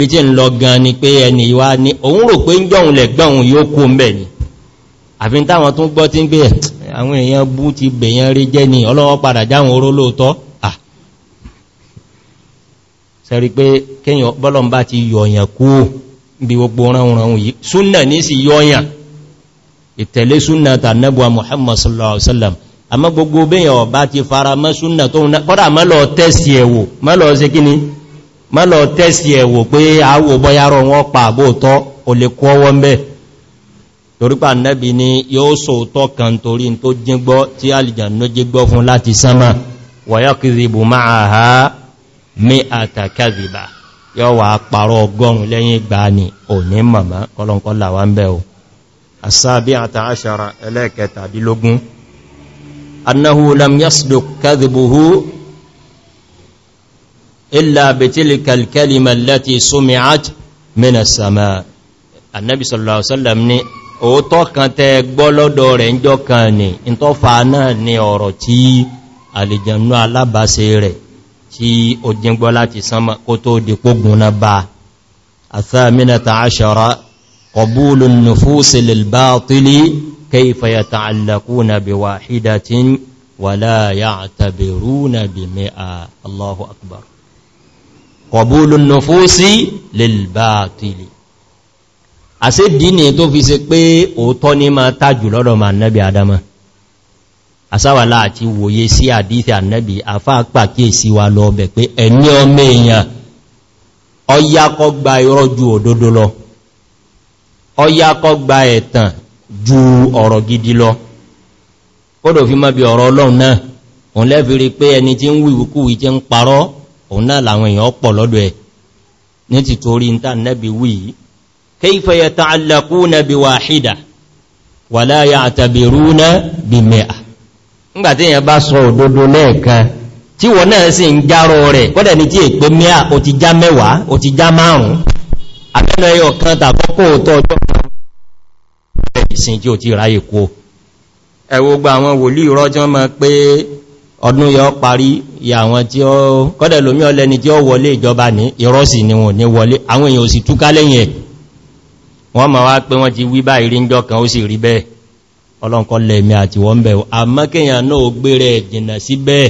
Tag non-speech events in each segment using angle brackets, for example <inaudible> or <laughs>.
bí tí ń lọ gan ni pé ẹni ìwá ní òun rò pé ń jọun lẹ̀ gbọ́n yóò kú mẹ́ ni àfi táwọn tún gbọ́ tí ń gbé àwọn èèyàn bú ti bèèyàn rí jẹ́ ni ọlọ́wọ́ padà jáwọn oró lóòtọ́ à sẹ́rí pé kíyàn bọ́lọ̀n bá ti yọ̀yàn kú bí gbogbo muhammad sallallahu alaihi wasallam àmọ́ gbogbo bẹ́yàn ọba ti fara mọ́ súnà tó ń kọ́dà mọ́lọ̀ tẹ́sì ẹ̀wò mọ́lọ̀ sí má lọ tẹ́sì ẹ̀wò pé àwò bọ́yárọ̀ wọn pa àbóòtọ́ o lè kọ́ ọwọ́ mẹ́ torípa nẹ́bi ni yóò sòótọ́ kan torí tó jígbọ́ tí alìjànú jígbọ́ fún láti sánmà wọ̀yọ́kìrìbù máa ha mí àtàkàzìbà yóò wà pàrọ ọgọ́rùn lẹ́yìn ìgbà ni ò ní màmá kọlọ̀nkọlà wá ń bẹ́ o illa bitilka al-kalima allati sumi'at min as-sama annabi sallallahu alaihi wasallam ní ó tó kan tẹ́ gbọ́ lọ́dọ̀ rẹ̀ ńjọ́ kan ni in tó fà náà ni ọ̀rọ̀ tí àlìjànú alábàṣe rẹ̀ tí ó jin gbọ́ láti sánmà kó tó di pogun na ba athaminata ashara qabulun nufusi lil batili kayfa yata'allaquna bi wahidatin wala ya'tabiruna bi mi'a Allahu akbar kọ̀búlù nufúsí lèlbàtìlì àṣídìí ni tó fi ṣe pé òótọ́ ní ma tájù lọ́dọ̀ ma annabi adama asáwàlá àti wòye sí àdífẹ́ annabi afáàpà kí èsí wa lọ bẹ̀ pé ẹni ọmọ èèyàn ọyakọ́ gba irọ́ ju òdodo lọ ọyakọ́ gba ẹ̀tàn ju ọ̀rọ̀ gidi lọ kódò fi mọ́ bí ọ̀rọ̀ ọlọ́run náà òun lẹ́fìrí pé ẹni tí ń wíwúkúwí tí ń parọ́ òun náà làwọn èèyàn pọ̀ lọ́dọ̀ ẹ̀ ní ti torí ń tàn nẹ́bi wí kayfa yata'allaquna bi wahida wala ya'tabiruna bi mi'a ńgbàtí èèyàn bá sọ òdodo lẹ́ẹ̀kan tí wọ́n náà sì ń járọ rẹ̀ kọ́dẹ̀ ní tí èpé mi'a ó ti já mẹ́wàá ti ọdún yọ parí ya àwọn tí ó kọ́dẹ̀ lómí ọlẹ́ni tí ó wọlé ìjọba ní ìrọ́sì ni wọ́n ní wọlé àwọn èèyàn ò sì túká lẹ́yìn ẹ̀ wọ́n ma wá pé wọ́n ti wí báyìí rí ń jọ kan ó sì rí bẹ́ẹ̀ ọlọ́nkọ́ lẹ́mí àti wọ́n bẹ̀ àmọ́ kéèyàn náà ó gbére jìnà síbẹ̀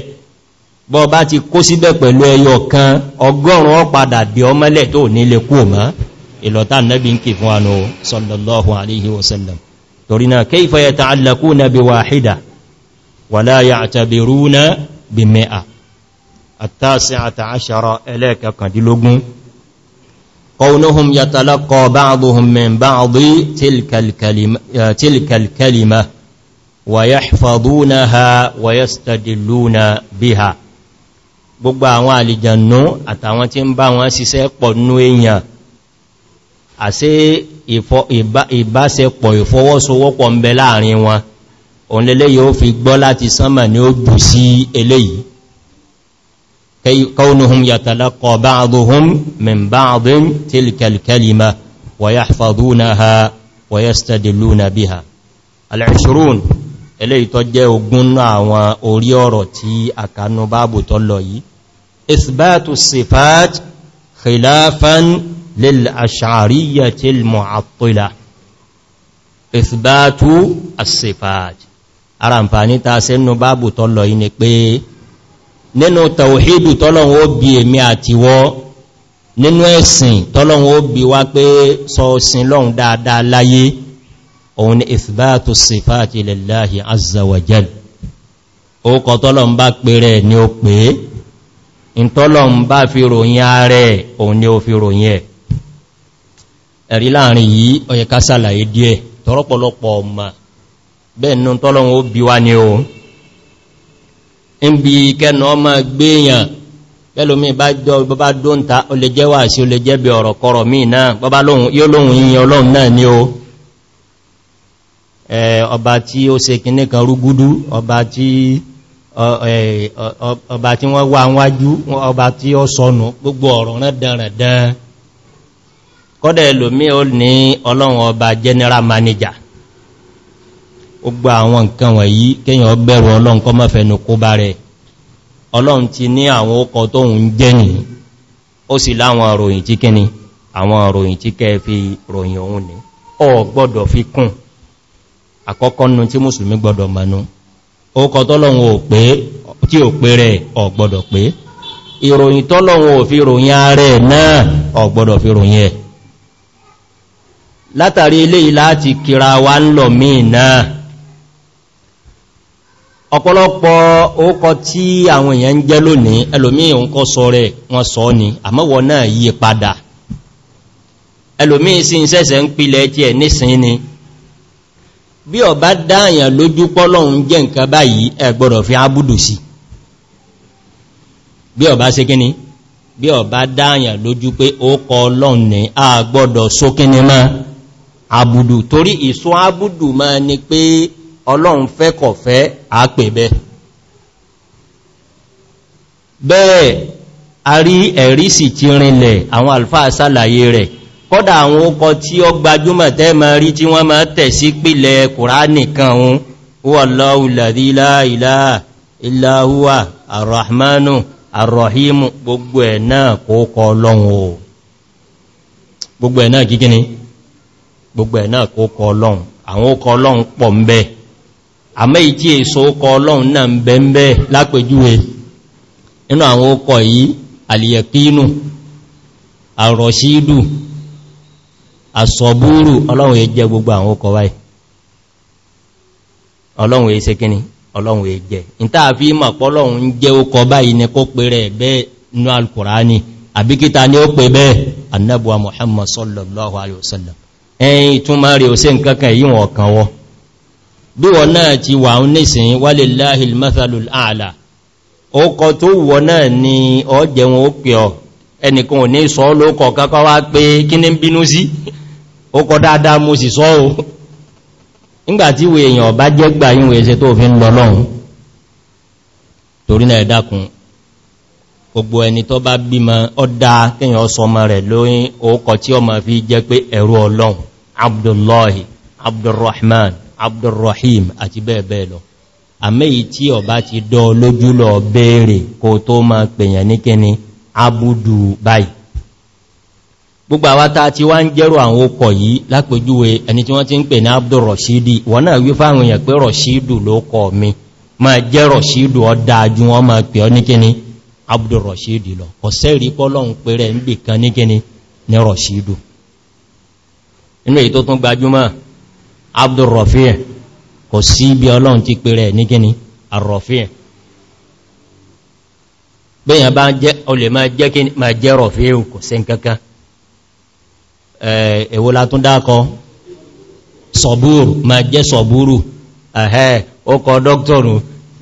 ولا يعتبرون بمئة التاسعة عشر إليك قدلقون قولهم يتلقى بعضهم من بعض تلك الكلمة, تلك الكلمة ويحفظونها ويستدلون بها gbogbo àwọn àlìjànú àtàwọn tí ń bá wọn síṣẹ́ pọ̀ nú èèyàn àti ìbáṣepọ̀ ìfọwọ́sowọ́pọ̀ ń bẹ láàrin wọn òun lélé yóò fi gbọ́ láti sánmà ní ó bù sí eléyìí kọ́nuhun yàtàlákọ̀ bá agbóhun min bá agbóhun tilkalkalima wa ya fàdúnà ha wa ya stadiluna bí ha al'ashirun eléyìí tó jẹ́ ogun àwọn orí ọ̀rọ̀ tí àkànú báàbù tó lọ yìí isbatu sifat ara ǹfàní ta sẹ́nu báàbù tọ́lọ̀ yìí ni pé nínú tàwíhìdù tọ́lọ̀wọ́ bí èmi àtiwọ́ nínú ẹ̀sìn tọ́lọ̀wọ́ bí wá pé sọ́ọ̀sìn lọ́hun dáadáa láyé òun ni ìfìbáàtù sífàtì lèláhì azawajal ó kọ tọ́lọ̀n bá pè rẹ̀ ni ó pè in tọ́lọ̀n bá fi ròyìn ààrẹ bẹ́ẹ̀nù tọ́lọ́run ó bí wá ní o ń bí kẹ́nà ọmọ gbéyàn pẹ́lómi bá jọ bọ́bá dóǹta o lè jẹ́ wà sí o lè jẹ́ bí ọ̀rọ̀ kọrọ̀ míì náà bọ́bá yóò lóhun yíyan ọlọ́run náà ní o ọba tí ó ṣe kìnní kan rúgúdú ọba tí wọ́n wá wájú ọba tí ó sọnù gbogbo ọ̀rọ̀ rẹ̀ kọ́dẹ̀ lómi ó ní ọlọ́run ọba general manager gbogbo àwọn nǹkan wọ̀nyí kéyàn bẹ̀rù ọlọ́run kọ́ mọ́fẹ́nu kó bá rẹ̀ ọlọ́run ti ní àwọn ọkọ̀ tó ń jẹ́ ní ó sì láwọn ròyìn tí kíni àwọn ròyìn tí kẹ́ fi ròyìn òun ní ọ gbọ́dọ̀ fi kún àkọ́kọ́ nú tí mùsùlùmí gbọ́dọ̀ mọ̀nú ọkọ̀ tọ́lọ́run látàrí ilé ìlà ti kira wa ń lọ míì náà ọ̀pọ̀lọpọ̀ ókọ tí àwọn èèyàn ń jẹ́ lónìí ẹlòmí òun sọ rẹ̀ wọn sọ ni àmọ́wọ̀ náà yí padà ẹlòmí sí ìṣẹ́sẹ̀ ń pilẹ̀ tí ẹ̀ nísìn ni bí ọ bá dáàyàn lójú pọ́lọ́un jẹ́ nǹkan báyìí ẹ gbọ́dọ̀ fi ábùdù sí bí ọ bá ṣe kíní bí ọ bá dáàyàn lójú pé ó kọ ọlọ́run ní a gbọ́dọ̀ sókíní máa àbùdù torí ìsọ ábùdù máa ni pé ọlọ́run fẹ́ kọ̀ fẹ́ àápè bẹ́ bẹ́ẹ̀ a rí ẹ̀rí sì ti rinlẹ̀ àwọn alfáà sàlàyé rẹ̀ kọ́dà àwọn ọkọ̀ tí ó gbajúmọ̀ tẹ́ ma rí tí wọ́n ma tẹ̀ sí pìlẹ̀ kùránì kan hun gbogbo ẹ̀ náà kó gbogbo ẹ̀ náà kó kọ ọlọ́run àwọn ó ọlọ́run pọ̀ ń àmẹ́ ìtí èso ọkọ̀ ọlọ́run náà bẹ̀m̀bẹ̀ lápẹjúwe inú àwọn ọkọ̀ yìí alìyẹ̀kínú àrọ̀ṣídù àsọ̀búrù ọlọ́run eje gbogbo àwọn ọkọ̀ wáyé ọlọ́run èé sékíní ọlọ́run èjẹ ìta fi mọ̀ pọ́lọ́run ko abikita sallallahu bí wọ́n náà ti wà ń nìsìn walillahil mathalul a'la ọkọ̀ tó wọ́n náà ni ọjẹ́ wọn ó pè ọ ẹnìkan ò ní sọ lókọ̀ kankan wá pé kí ní bínú sí ọkọ̀ dáadáa mo sì sọ o nígbàtí wo èèyàn bá jẹ́ gbà yín abdullahi abdurrahman abdulrahim àti bẹ́ẹ̀bẹ́ẹ̀ lọ àmẹ́yí tí ọba ti dọ́ lójúlọ bèèrè kò tó ma pèyàn ní kíni abúdù báyìí gbogbo àwátá tí wá ń jẹ́rọ àwọn okọ̀ yìí lápèjúwe ẹni tí wọ́n ti ń pè ní abdul rashidi wọ́n náà wí rashidu ló ma jẹ́ rashidu ọdá abdul rashidi lọ ọ̀sẹ́ rí pọ́lọ́un pé rẹ̀ rashidu inú èyí tó tún gbajúmọ̀ abdulrafi'e kò sí bí ọlọ́run ti pè rẹ̀ ní gíní arrafi'e bẹ́yàn bá jẹ́ olè máa jẹ́ kí máa jẹ́ rafi'e kò sí nkankan èwo látún dákọ sọ̀búrù máa jẹ́ sọ̀búrù ẹ̀hẹ́ ọkọ̀ dọ́kítọ̀rù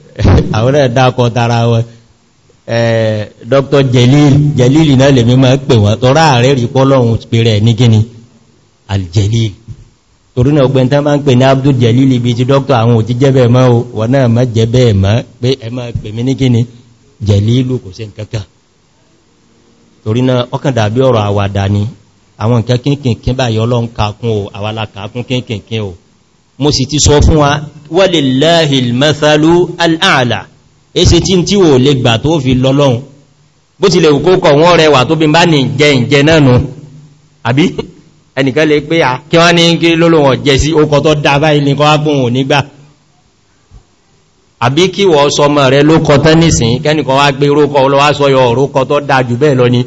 <laughs> àwọn ẹ̀dákọ tara wọn dr jelil jelil náà lè mímọ̀ pè wọ́n tọ́rà rẹ̀ rí pọ́lọ́run pè rẹ̀ ní gíní aljelil torí náà ọgbẹ̀ tán bá ń pè ní Abdul Jalil ibi tí dókítà àwọn òtí jẹ́ bẹ́ẹ̀ mọ́ o wọ́n náà má jẹ́ bẹ́ẹ̀ mọ́ pé ẹ máa pè mí ní kíni Jalilu kò sí nǹkankan torí náà ọ̀rọ̀ àwàdà ni àwọn nǹkan o mo sì ti sọ fún wa walillahi al-mathalu al-a'la èsì tí tí ò lè gbà tó fi bá ní jẹ ẹnìkan lè pé kí wọ́n ní kí lólòwọ̀n jẹ sí okọ̀ tó dábá ilẹ̀kọ́ agbóhùn nígbà àbí kí wọ́n sọ mọ̀ rẹ lókọ tẹ́nìsìn kẹ́nìkan wá gbé rókọ olówá sọ tó dájú bẹ́ẹ̀ lọ ni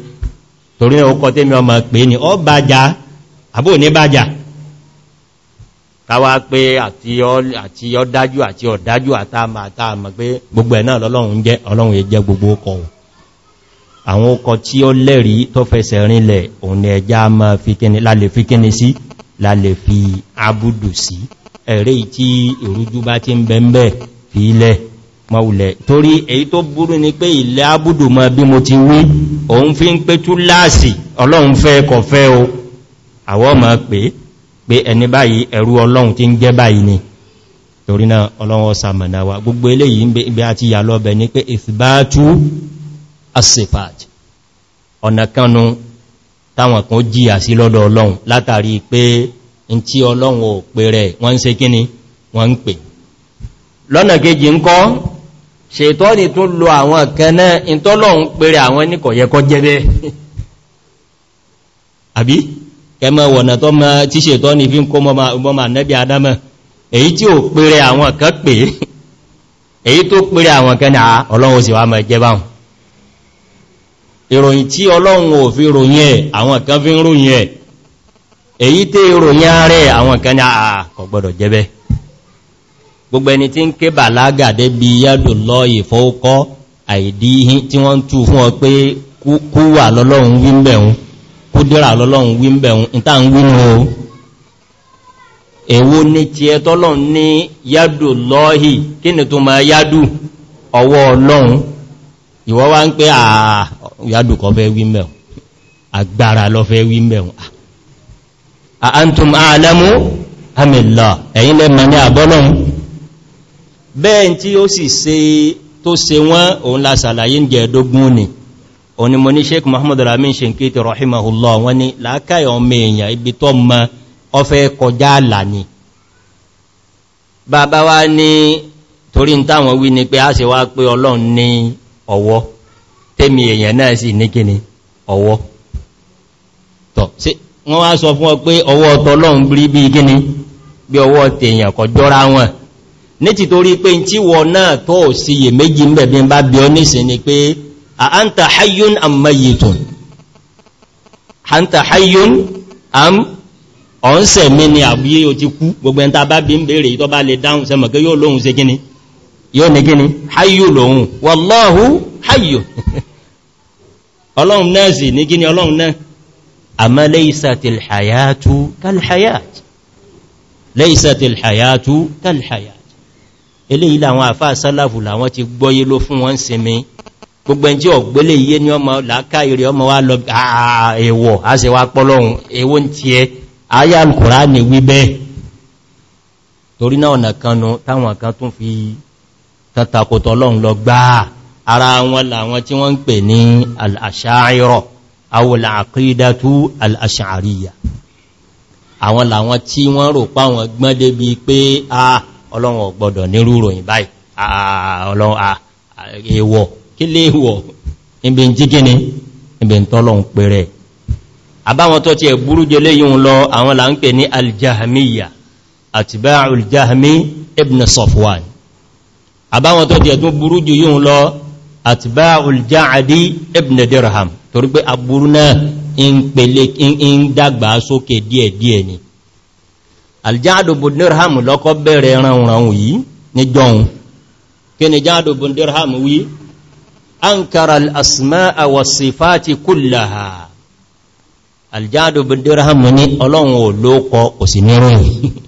torí okọ̀ tẹ́mi ọmọ pé ni ọ bàjá àbò ní bàjá káwá pé àti ọdájú àti ọdájú àtàmà àtàmà àwọn ọkọ̀ tí ó lẹ́rí tó fẹsẹ̀ rinlẹ̀ òun ni ẹja máa fi kíni lálẹ̀ fi kíni sí lálẹ̀ fi abúdù sí ẹ̀rẹ́ tí ìrújú bá ti ń bẹ̀m̀bẹ̀ fi ilẹ̀ maulẹ̀ torí èyí tó burú ni pé ilẹ̀ abúdù ma bí mo ti wí òun fi ń pé tú láàsì ọlọ́run fẹ́ kọ̀ fẹ́ o àwọ́ ma pé pé ẹni báyìí ẹ̀rú ọlọ́run ti ń jẹ́ báyìí ni torí náà ọlọ́run ọsàmọ̀nà wa gbogbo eléyìí ń bẹ àti yà lọ́bẹ̀ ní pé ìfìbátú asifat ọ̀nà kanu táwọn kan jíyà sí lọ́dọ̀ ọlọ́run látàrí pé in tí ọlọ́run ò pè rẹ̀ wọ́n ń ṣe kíni wọ́n ń pè lọ́nà kejì ń kọ́ ṣètọ́ ni tó lo àwọn kẹ́nà ìtọ́lọ́run pè rẹ̀ àwọn níkọ̀yẹ́kọ́ jẹ́bẹ́ <laughs> àbí kẹmọ wọ̀nà tó mọ́ tí ni fi ń kó mọ́mà nẹ́bí adámọ́ èyí tí ò pèrè àwọn kan pè <laughs> èyí tó pèrè àwọn kan ní ọlọ́run sì wá mọ́ ìjẹbáhùn ìròyìn tí ọlọ́run ò fi ròyìn ẹ̀ àwọn kan fi ń ròyìn ẹ̀ èyí tí ìròyìn ààrẹ àwọn kan ní àà kò gbọdọ̀ jẹ́bẹ́ gbogbo ẹni tí ń ké bàlágà débi yádò lọ ìfọ́ọ́kọ́ àìdíhí tí wọ́n ń tú fún ọ pé kú wà lọ́lọ́run wímbẹ̀un ìwọ wá ń pé àà yàdùkọ fẹ́ wí mẹ́un agbára lọ fẹ́ wí mẹ́un a antum a'lamu amìlá ẹ̀yin lẹ́mọ̀ ní àbọ́lọ́un bẹ́ẹ̀ tí ó sì ṣe tó ṣe wọ́n òun la sàlàyé jẹ́ ẹ̀dógún ni òun ni mo ní ni làákàyọ̀ ọmọ èèyàn ibi tó mọ ọfẹ́ táwọn wí ni pé a sì wá pé ọlọ́run ní ọwọ́ tẹ́mi èèyàn náà sì ní kíni ọwọ́ tọ̀ sí wọ́n wá sọ fún ọ pé ọwọ́ tọ́lọ́un bí bí kíni bí ọwọ́ tèèyàn kọ jọra wọn ní ti torí pé tí wọ náà tó sí yè méjì ń bẹ̀bí bá bí ọ nísìn ni pé àántà hayyun am mayitun àántà hayyun am ọ̀nsẹ̀ mi ni àbúyé o ti kú gbogbo ẹntà bá bí ń bèèrè yóò lóhun ṣe kíni yóò ní gíní hayyu lòun wallahu hayyu <laughs> ọlọ́run náà sì ní gíní ọlọ́run náà àmá laysatil hayatu kal hayat laysatil hayatu kal hayat eléyìí làwọn àfáà sálàfù làwọn ti gbọ́yé ló fún wọn sinmi gbogbo ẹn tí ọ̀gbẹ́lẹ̀ iye ní ọmọ làákà ìrẹ ọmọ wa lọ ààwọ̀ a sì wá pọ́lọ́run ewó ń ti ẹ ayá al-Qur'ani torí náà ọ̀nà táwọn kan tún fi tàtàkòtò ọlọ́run lọ gbáà ara wọn làwọn tí wọ́n ń pè ní al-asha'ira awòlà àkídàtú al-asha'ariya àwọn làwọn tí wọ́n rò pa wọn gbọ́n débi pé a ọlọ́run ò gbọdọ̀ nírú ròyìn báyìí ọlọ́run èèwọ̀ kí lè wọ̀ ibi ń àbáwọn tó ti ẹ̀tún burú jù yíò lọ àtìbá oljáàdí ibn dirham torí pé aburú náà in dàgbà sókè díẹ̀díẹ̀ ni aljáàdù ibn dirham lọ́kọ́ bẹ̀rẹ̀ ránranwò yìí ní jọun kí ni jáàdù ibn <laughs>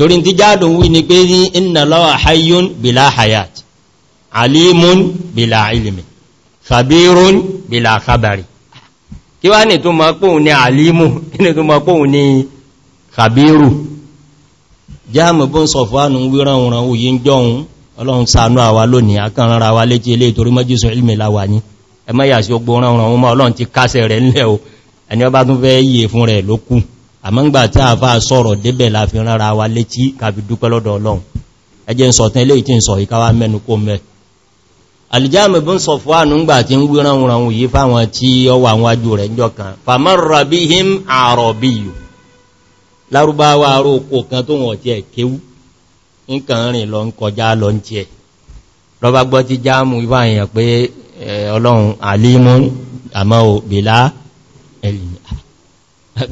torí tí jádùn wí ni pé ní inna Allaha hayyun bila hayat alimun bila ilmi khabirun bila khabari kí wá ní tó máa pòun ní alimu ní tó máa pòun ní khabiru jáàmù bó ń sọ fánú wíran òran òyí ń jọun ọlọ́run ṣàánú àwa lónìí akànrara wa léjì ilé ìtorí mọ́jísọ ilmi láwà ní ẹmọ́ yà sí ogbó òran òran ọlọ́run ti kásẹ̀ rẹ̀ ńlẹ̀ o ẹni ọba tún fẹ́ yìí fún rẹ̀ ló àmọ́ngbà tí a fà sọ̀rọ̀ débẹ̀ la fi rárá wa létí kàfi dúpẹ́ lọ́dọ̀ ọlọ́run ẹjẹ́ ń sọ̀tán ilé ìtí ń sọ ìkáwà mẹ́nu kó mẹ́ alìjáàmì bí ń sọ fún ànúngbà tí ń wíran wùranwù yí fáwọn tí ọ wà wọn ajú rẹ̀ jọ kan famarra bihim àrọ̀bíyù lárúbáwá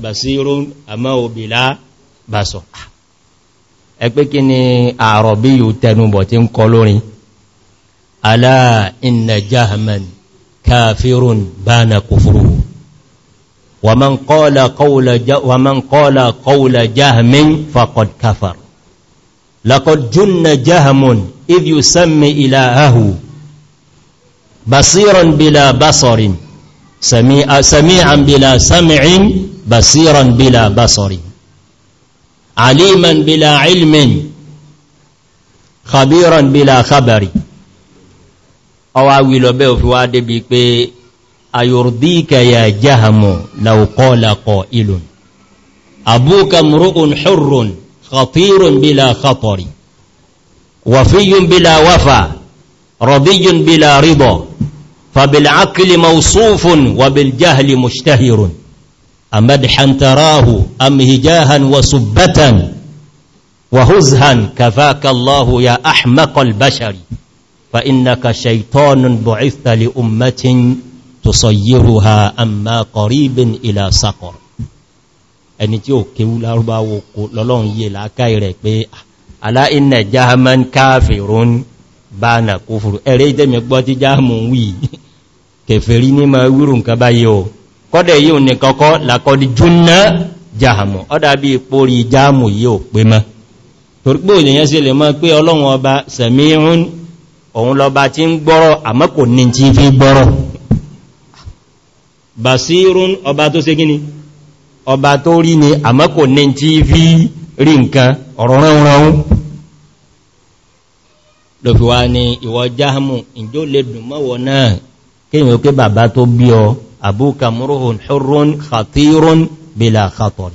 basirun àmọ́ òbìlá basọ̀ ẹgbẹ́ kí ni ààrọ̀ bí yóò tẹnubọ̀ tí ń kọ lórin alá inna jahman kafirun bana kufruhu wa man qala qawla wa man qala qawla jahmin faqad kafar laqad junna jahmun idh yusammi ilahahu basiran bila basarin sami'an bila sam'in basiran bila basari aliman bila ilmin khabiran bila khabari ọwá wílọ bẹ́ òfin wá débi pé ayurdika ya jahamu law qala qailun abuka mru'un hurrun khatirun bila khatari wafiyun bila wafa radiyun bila rida fabil aqli mawsufun wa jahli mushtahirun أمدحا تراه أم هجاها وسبة وهزها كفاك الله يا أحمق البشر فإنك شيطان بعثت لأمة تصيرها أما قريب إلى سقر ẹni tí ó kéwú lárúbáwó lọ́lọ́run yé làákàí rẹ̀ pé aláìnà jahaman káàfèrún bá nà kó fúrú ẹ̀rẹ́ ìdẹ́mẹ̀gbọ́ tí jahamun wí <laughs> kèfèrí ní ma wírùn ká báyé o kọ́dẹ̀ yíò ní kọ́kọ́ làkọ́dí júnná jahamu ọ́dá bí ìporí jáàmù yíò pé mọ́ torí pé òyìnyẹ́ sí lè mọ́ pé ọlọ́run ọba sẹ̀mírún òun lọba tí ń gbọ́rọ̀ àmọ́ kò ní tí fi gbọ́rọ̀ basirun ọba tó sé gíní ọba tó rí ni àmọ́ kò ní tí fi rí nǹkan ọ̀rọ̀ ránranrun lọ́fíwá ni ìwọ jáàmù bàbá tó bí ọ abúka múrùhùn hurrun khatirun bila khator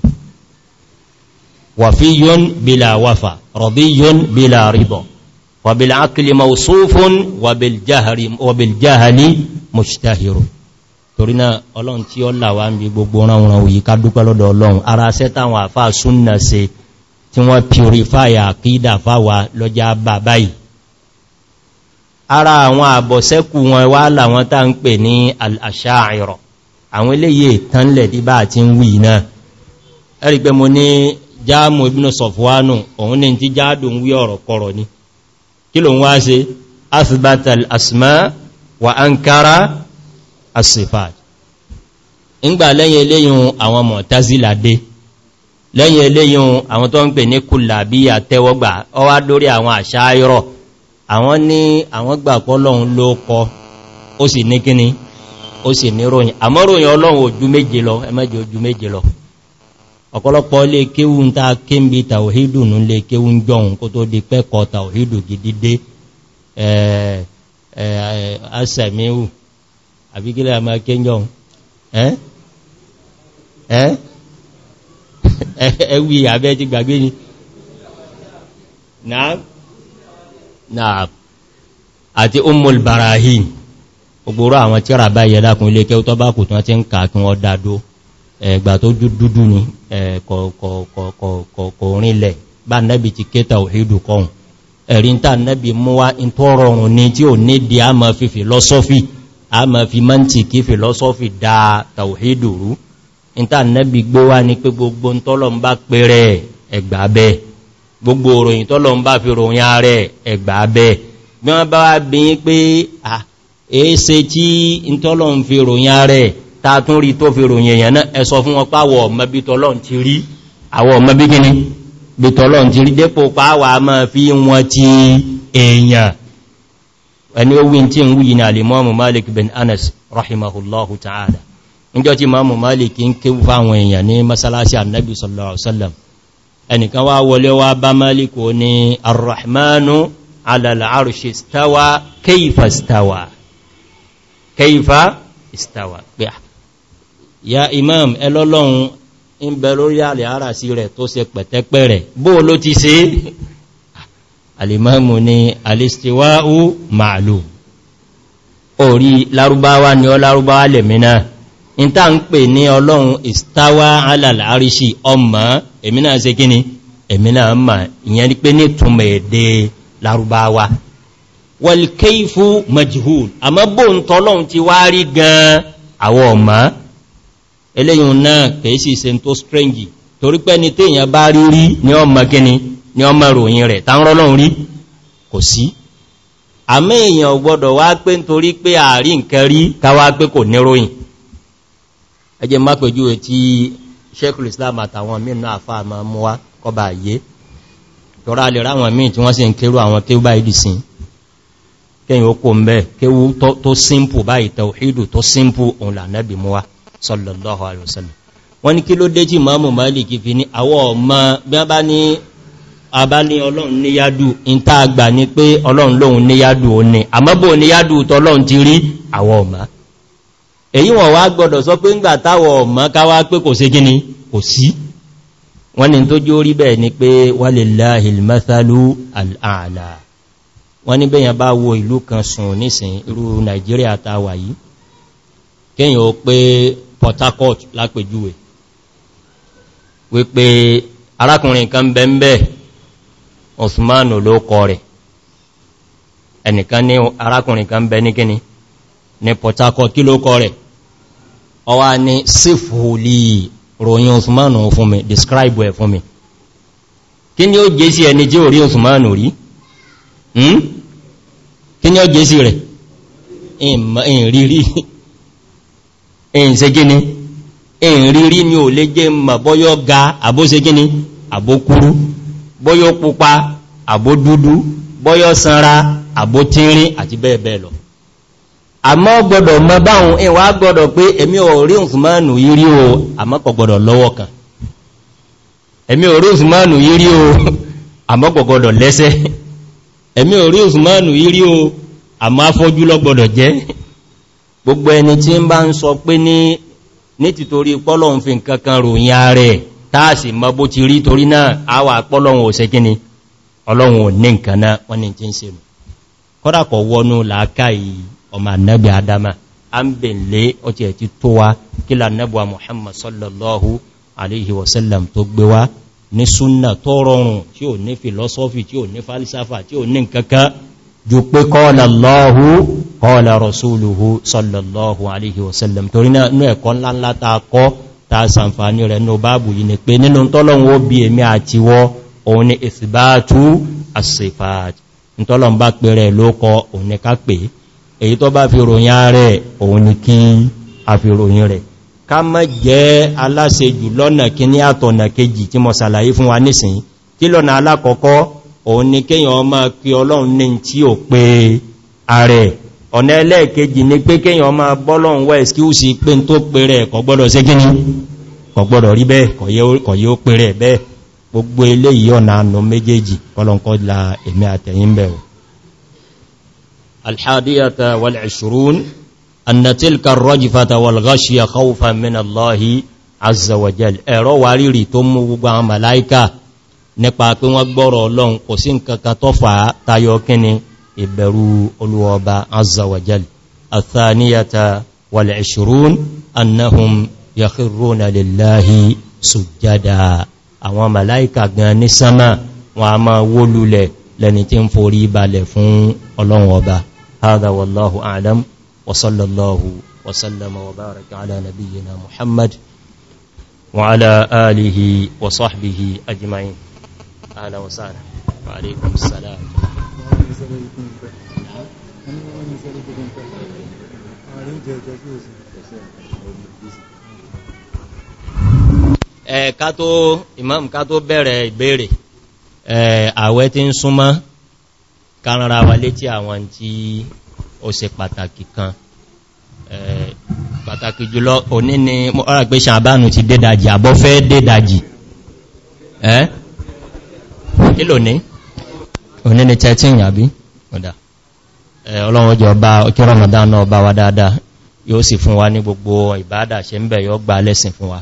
wàfíyún bila wafa rọ̀bíyún bila ribọ̀ wàbíl akili mausufun wàbíl jahali mustahirun torí ọlọ́run tí ó làwà ń bí gbogbo ránwọ̀n òyí ká dúpẹ́ lọ́dọ̀ ọlọ́run ara sẹ́tàwọn àfáà súnnà se tí wọ́n purify àkídà fáwà lọ́jà bàbáyìí ara àwọn àbọ̀sẹ́kù wọn wá làwọn tá ń pè ní al-asha'ira àwọn eléyè tánlẹ̀ tí bá ti ń wì náà ẹ̀rí pé mo ní jáàmù ibn sọfwánù òun ní tí jáàdù ń wí ọ̀rọ̀ kọrọ̀ ni kí ló ń wá sí asibata asma wa ankara as-sifat ìgbà lẹ́yìn eléyìn àwọn mọ̀tázílà dé lẹ́yìn eléyìn àwọn tó ń pè ní kùlàbí àtẹ́wọ́gbà ọwá lórí àwọn àṣáyọ́rọ̀ àwọn ní àwọn gbàpọ̀ lọ́hun ló kọ ó sì ní kíní ó sì ní ròyìn ọlọ́run ojú lọ ẹmẹ́jẹ ojú méje lọ ọ̀pọ̀lọpọ̀ lè ń ta kéńbí tàwòhídù nú lè kéwú ń jọun kó tó di pẹ́kọ̀ tàwòhídù gidide náà àti umul barahin ogboro àwọn tí ra báyẹ̀ dákùn ilé kẹ́ tó bá kù tán tí ń kà kí wọ́n dádó ẹgbà tó dúdú ní kọ̀ọ̀kọ̀ọ̀kọ̀ọ̀rinlẹ̀ bá nẹ́bì ti kéta òhìdù kọ̀hùn ẹ̀rin tàà nẹ́bì múwá in tó rọrùn ní tí ò ní di àmà fi fìlọ́sọ́fì àmà fi mọ́ntìkì fìlọ́sọ́fì dá tàwòhìdù rú in tàà nẹ́bì gbówá ní pé gbogbo ń tọ́lọ̀ bá pẹ̀rẹ̀ ẹgbà bẹ́ẹ̀ gbogbo òròyìn tọ́lọ ń bá fi ròyìn ààrẹ ẹgbà bẹ́ẹ̀ bí wọ́n bá wá bí yí pé à èése tí ń tọ́lọ ń fi ròyìn ààrẹ tààtún rí tó fi ròyìn èèyàn náà ẹ fún wọn páwọ̀ ọmọbí ti rí àwọ̀ ọmọbí gíní malik bin anas rahimahullahu ta'ala níjọ́ tí mọ́mù malik ń kéwú fáwọn masalasi annabi sallallahu alaihi wasallam ẹnìkan wá wọlé wá bá málìkò ní arrahmanu alàlàárùsì stawa kéfà stawa kéfà stawa pé ah, ya imam ẹlọ́lọ́run ń bẹ lórí àlè ara sí rẹ̀ tó ṣe pẹ̀tẹ́pẹ̀ rẹ̀ bó ló ti ṣe ah, alìmọ́mù ni alistiwa'u ma'lum orí lárúbáwá ni ọ lárúbáwá lè in ta ń pè ní ọlọ́run istawa alàláríṣì ọmọ èmìnà ṣe gíní èmìnà ọmọ ìyẹn ni pé ní túnmọ̀ èdè larubawa wọlkéífú majihul àmọ́ bó ń tọ́lọ́run ti wá rí gan àwọ ọmọ eléyìn náà kèésì se tó strange torí pé ní tí èyàn bá rí rí ní ọmọ gíní ní ọmọ ròyìn rẹ̀ tán rọ́lọ́run rí kò sí àmì èyàn gbọ́dọ̀ wá pé nítorí pé ààrí nǹkan rí káwá pé kò níròyìn ẹjẹ́ má pẹ̀jú ẹ̀ tí Sheikhul Islam àtàwọn mìíràn àfáà ma mú wá kọba àyè tọ́rà lè ráwọn míì tí wọ́n sì ń kérò àwọn kéwú báyìí dì sín kẹyìn ó kò ń bẹ́ kéwú tó símpù báyìí tawhidu tó símpù òun lànẹ́bì mú wá sallallahu alaihi wasallam wọ́n ní kí ló dé tí Imam Malik fi ní àwọ̀ ọmọ èyí wọ́n wá gbọ́dọ̀ sọ pé ńgbà táwọ̀ ọ̀mọ́ káwá pé kò sí gíní kò sí wọ́n ni tó jó rí bẹ́ẹ̀ ni pé walillahi al-mathalu al-a'la wọ́n ni bẹ́yàn bá wo ìlú kan sùn nísìn irú Nàìjíríà táwà yìí ẹnìkan ní arákùnrin kan bẹ ní kíni ní Port kí ló kọ rẹ̀ ọwá ní sífòlì ròyìn osùmánù fún mi describe ẹ̀ fún mi kí ni ó jẹ́ sí ẹni jẹ́ orí osùmánù rí hmm? kí ni ó jẹ́ sí rẹ̀ ìrírí ìṣẹ́ gíní ìrírí ni ò lè jẹ́ mọ̀ bọ́yọ́ ga àbóṣe gíní àbókúrú bọ́yọ́ pupa àbódúdú bọ́yọ́ sanra àbótínrín àti bẹ́ẹ̀ bẹ́ẹ̀ lọ àmọ́ gbọdọ̀ mọ báhùn ẹwà gbọdọ̀ pé èmi orí òsùmánù yírí o àmọ́kọ̀ gbọdọ̀ lọ́wọ́ kan èmi orí òsùmánù yírí o àmọ́kọ̀ gbọdọ̀ lẹ́sẹ̀ èmi orí òsùmánù yírí o àmọ́ afọ́jú ló gbọdọ̀ jẹ́ gbogbo ẹni tí ń bá ń sọ pé ní ní tìtorí pọ́lọ̀un fi nǹkan kan ọmọ annabi adama an bèèlé ọtí ẹ̀tí tó wá kí lànàbùwa muhammad sallallahu alaihi wasallam tó gbé wá ní súnnà tó rọrùn tí ò ní filosofi tí ò ní falisafa tí ò ní nkankan ju pé kọ́ọ̀lá lọ́hú kọ́ọ̀lá rasúlùhú sallallahu alaihi wasallam torí náà ẹ̀kọ́ ńláńlá ta kọ́ ta sàǹfàní rẹ̀ ní báàbù yìí ni pé nínú tọ́lọ́wọ́ bí èmi àti wọ́ òun ni ìsìbáàtú àsìfààtì tọ́lọ́m bá pẹ̀rẹ̀ ló òun ni ká pèé èyí tó bá fi ròyìn rẹ̀ òun ni kí a fi ròyìn rẹ̀ ká mọ́ jẹ́ aláṣejù lọ́nà kí ní àtọ̀nà kejì tí mo sàlàyé fún wa nísìn kí lọ́nà alákọ̀ọ́kọ́ òun ni kéyàn ọmọ pí ọlọ́run ní tí ò pé ààrẹ ọ̀nà ẹlẹ́ẹ̀kejì ni pé kéyàn ọmọ bọ́lọ́run la èmi الحادية والعشرون أن تلك الرجفة والغشية خوفا من الله عز وجل ẹ̀rọ wà rírì tó mú gbogbo àwọn màláíkà nípa pé wọ́n gbọ́rọ̀ ọlọ́run kò sí nǹkankan tó fà tayọ kíni ìbẹ̀rù olúwọba عز وجل الثانية والعشرون أنهم يخرون لله سجدا àwọn màláíkà gan ní sánmà wọn a máa wólulẹ̀ lẹni tí ń forí balẹ̀ fún ọlọ́run ọba هذا والله أعلم وصلى الله وسلم وبارك على نبينا محمد وعلى آله وصحبه أجمعين أهلا وسهلا وعليكم السلام ẹ̀ ká tó imam ká tó bẹ̀rẹ̀ ìbéèrè ẹ̀ tí ń súnmọ́ kárànra wa létí àwọn tí ó se pàtàkì kan pàtàkì jùlọ òní ni ọ́rà pé ṣàbánu ti dédàjì àbọ́ fẹ́ dédàjì ẹ́ kí ní òní ni 13 àbí ọ̀dá ọlọ́run bá kí ramadan náà bá wa dáadáa yóò sì fún wa ní gbogbo ìbádà ṣe ń bẹ̀ yóò gbà lẹ́sìn fún wa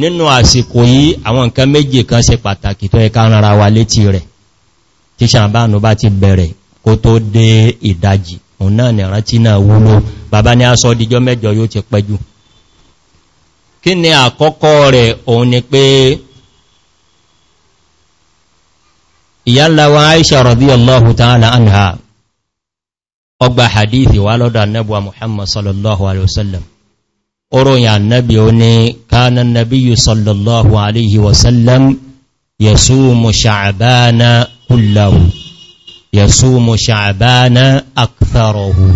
nínú àsìkò yìí àwọn nǹkan méjì kan ṣe pàtàkì tó ẹka wa létí tí ṣàbánu bá ti bẹ̀rẹ̀ kó tó dé ìdájì òun náà ni rántí náà wúlò bàbá ní aṣọ́ díjọ́ mẹ́jọ yóò ti pẹ́jù kí ni àkọ́kọ́ rẹ̀ òun ni pé ìyálawa aisha radiyallahu ta'ala anha ọgbà hadithi wà lọ́dọ̀ annabuwa muhammad sallallahu alaihi wasallam oróyìn annabi o ní kanan nabiyu sallallahu alaihi wasallam yasumu sha'bana kúláhù yasumu ṣàbánà akfẹ́rọ̀hù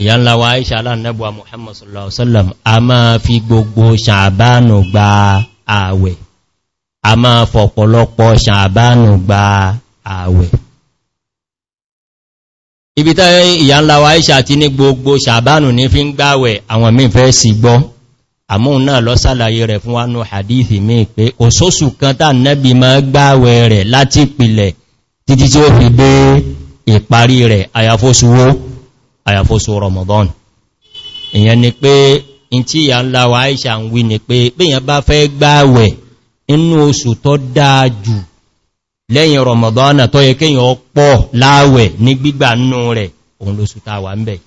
ìyá ńlá wa aisha aláàrẹ́bùwa muhammad sallallahu ala'uwasallam a máa fi gbogbo ṣàbánù gba ààwẹ̀ a máa fọ̀pọ̀lọpọ̀ ṣàbánù gba ààwẹ̀ ibi tẹ́ ìyá ńlá wa aisha ti ní gbogbo ṣàbánù ní fi ń gbáwẹ̀ àwọn mí fẹ́ sì gbọ́ àmóhun náà lọ sálàyé rẹ̀ fún wánú hadithi míì pé kò sósù kan tàà nẹ́bí ma gbáwẹ̀ rẹ̀ láti pìlẹ̀ títí tí ó fi dé ìparí rẹ̀ àyàfóṣúwó àyàfóṣú Ramadan ìyẹn ni pé in tí ìyà ńlá wa Aisha ń wí ni pé bíyàn bá fẹ́ gbáwẹ̀ inú oṣù tó dáa jù lẹ́yìn Ramadan tó yẹ kéèyàn pọ̀ láwẹ̀ ní gbígbà nú rẹ̀ òun lóṣù táwà ń bẹ̀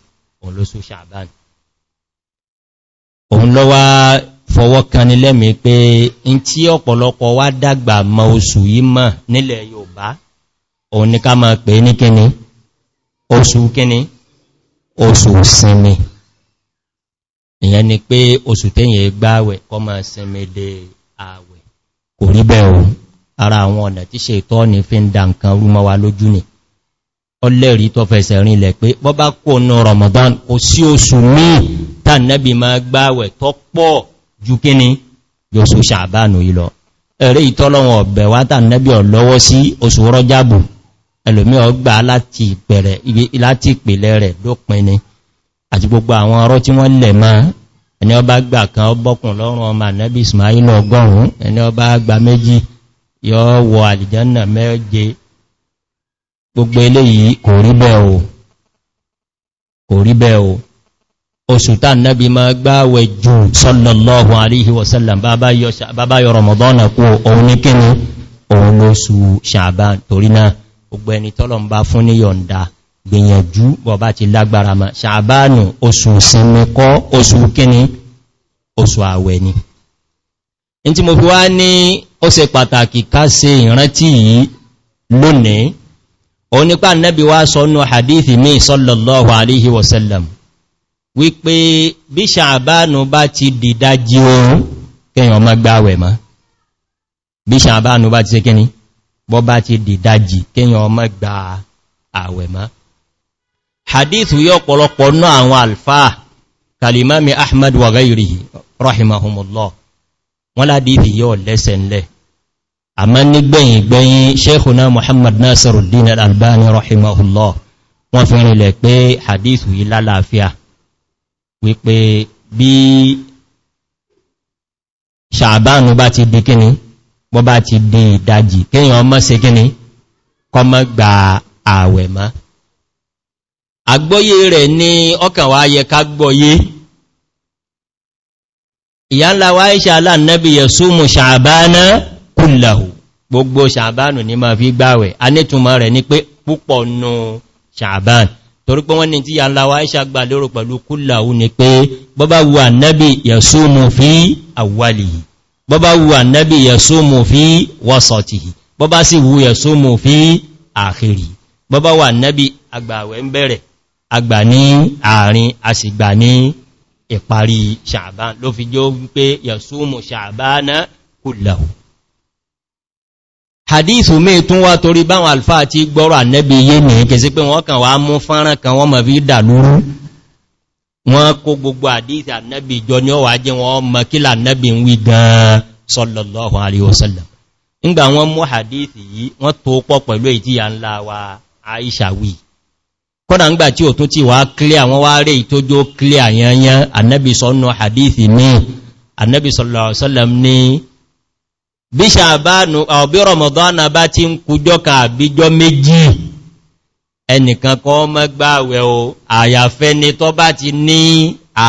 òun lóṣù Sha'ban òun lọ́wà fọwọ́ kanni lẹ́mí pé in tí ọ̀pọ̀lọpọ̀ wá dàgbà ma oṣù yìí mọ̀ nílẹ̀ Yorùbá òun ní ká máa pè ní kíni oṣù kíni oṣù sinmi ìyẹn ni pé oṣù tẹ́yìn gbáwẹ̀ kọ máa sinmi de ààwẹ̀ kò rí bẹ́ o ara àwọn ọ̀nà tí ṣe ìtọ́ ní fi ń da nǹkan rú mọ́ wa lójú ni ọlẹ́rí tó fẹsẹ̀ rinlẹ̀ pé bọ́bá kó nù Ramadan kò sí oṣù míì tànàbì ma gbáwẹ̀ tọ́ pọ̀ ju kíní yóò ṣàbánù ìlọ ẹ̀rẹ́ ìtọ́lọ́wọ̀n ọ̀bẹ̀ wá tànàbì ọ̀lọ́wọ́ sí oṣù rọ́jàbù ẹlòmí ọgbà láti ìpìlẹ̀ rẹ̀ dópin ni àti gbogbo àwọn ọrọ̀ tí wọ́n lẹ̀ máa ẹni ọba gbà kan ọbọ̀kùn lọ́rùn ọmọ ànẹ́bí ismail gbogbo eléyìí kò rí bẹ́ẹ̀ o oṣùta nẹ́bí ma gbáwẹ̀ jù sallallahu alaihi wasallam bàbá yọ ramadana kú òun ní kíni òun lóṣù ṣàbán torí náà gbogbo ẹni tọ́lọ̀n bá fún ní yọ̀nda gbìyànjú bọ̀bá ti lágbára ma ṣàbánù oṣù sinmi kọ́ oṣù kíni oṣù àwẹ̀ ni in ti mo fi wá ní ó ṣe pàtàkì ká ṣe ìrántí yìí lónìí òun nípa nẹ́bí wá sọ́nù hadithi mi sallallahu alaihi wasallam wípé bí ṣàbánu bá ti dìdájí oòrùn kẹyàn má gbáwẹ̀ mọ́ bí ṣàbánu bá ti sékíní bọ́ bá ti dìdájí kẹyàn má gbá àwẹ̀ mọ́ hadith yóò pọ̀lọpọ̀ náà àwọn alfa kalimami ahmad wa gairihi rahimahumullah wọ́n ládìí yóò lẹ́sẹ̀ ńlẹ̀ sheikhuna muhammad nasiruddin al-albani rahimahullah wọ́n fi rìnlẹ̀ pé hadith yìí lálàáfíà wípé bí ṣàbánu bá ti di kíni bọ́ bá ti di ìdajì kíyàn ọmọ sí kíni kọmọ gba ààwẹ̀ má àgbọ́yé rẹ̀ ní ọkàn wá yẹ ká gbọ́yé ìyá ńlá wá iṣẹ́ aláàrẹ́bí yẹ súnmù ṣàbánà kùlàhù gbogbo ṣàbánù ní ma fi gbáwẹ̀ anítùmọ̀ rẹ̀ ní pé púpọ̀ nù ṣàbánù torí pé wọ́n ní tí yànlá wa Aisha gbà lérò pẹ̀lú kúlàú ni pé bọ́bá wu ànábì yasumu fi awwalihi bọ́bá wu ànábì yasumu fi wasatihi bọ́bá sì wu yasumu fi akhiri bọ́bá wà ànábì agbàwẹ̀ ń bẹ̀rẹ̀ agbà ní àárín àsìgbà ní ìparí Sha'ban ló fi jẹ́ wípé yasumu Sha'bana kúlàú hadithu mi tún wa torí báwọn alfa ti gbọ́rọ̀ ànẹ́bí yé ní kèsí pé wọ́n kàn wá mú fánrán kan wọ́n mọ̀ fi dà lórí wọ́n kó gbogbo àdíìtì ànẹ́bí jọ ní ọwà jẹ́ wọ́n mọ̀ kí lànẹ́bí ń wí gan sallallahu alaihi wasallam ńgbà mu mú hadithi yìí wọ́n tó pọ̀ pẹ̀lú èyí ya ńlá wa Aisha wí kọ́nà ńgbà tí ò tún ti wá clear wọ́n wá rẹ̀ ìtójó clear yanyan ànẹ́bí sọ́nà hadithi ní ànẹ́bí sallallahu alaihi wasallam ní bí ṣàbánu àbí rọmọdánà bá ti ń kújọ́ ka àbíjọ́ méjì ẹnìkan kan mọ́ gbá àwẹ̀ o àyàfẹ́ ni tọ́ bá ti ní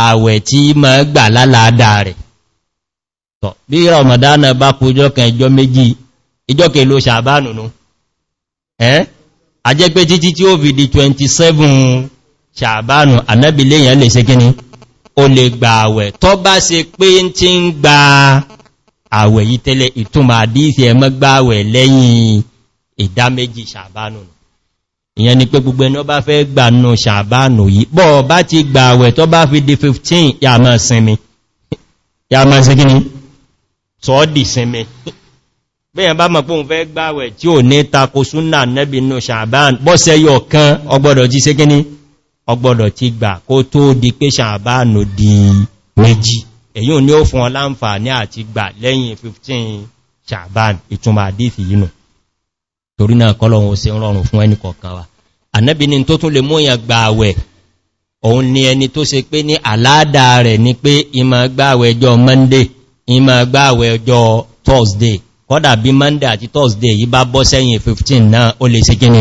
àwẹ̀ tí mọ́ gbà lálàádà rẹ̀ tọ́ bí rọmọdánà bá kújọ́ kan ìjọ́ méjì ìjọ́ kèlò ṣàbánu nú ẹ́ ajẹ́ pé o lè gbà àwẹ̀ tọ́ bá ṣe pé ń ti ń gbà àwẹ̀ yí tẹ́lẹ̀ ìtumà àdíìsì ẹmọ́ gbáwẹ̀ lẹ́yìn ìdá méjì ṣàbánù ìyẹn ni pé gbogbo ẹni ó bá fẹ́ gbànú ṣàbánù yìí bọ́ bá ti gbàwẹ̀ tó bá fi di 15 yàmọ̀ sinmi yàmọ̀ síkíní sọ́ọ̀dì sinmi bẹ́yàn bá mọ̀ pé òun fẹ́ gbàwẹ̀ tí ò ní tako súnà nẹ́bì inú ṣàbán bọ́sẹ̀ yọ kan ọgbọ́dọ̀ ti síkíní ọgbọ́dọ̀ ti gbà kó tó di pé ṣàbánù di méjì èyí ni ó fún ọláǹfà ní àti gbà lẹ́yìn 15 ṣàbán ìtumà àdífì yínú torí náà kọ́lọ̀wọ̀n se rọrùn fún ẹni kọ̀ọ̀kan wa ànẹ́bì ni tó tún lè múyàn gbà àwẹ̀ òun ni ẹni tó se pé ní àládà rẹ̀ ni pé ìmọ̀ monday ìmọ̀ gbàwẹ̀ ọjọ́ thursday kọ́dà bí monday àti thursday yí bá bọ́ sẹ́yìn 15 náà ó lè se gíní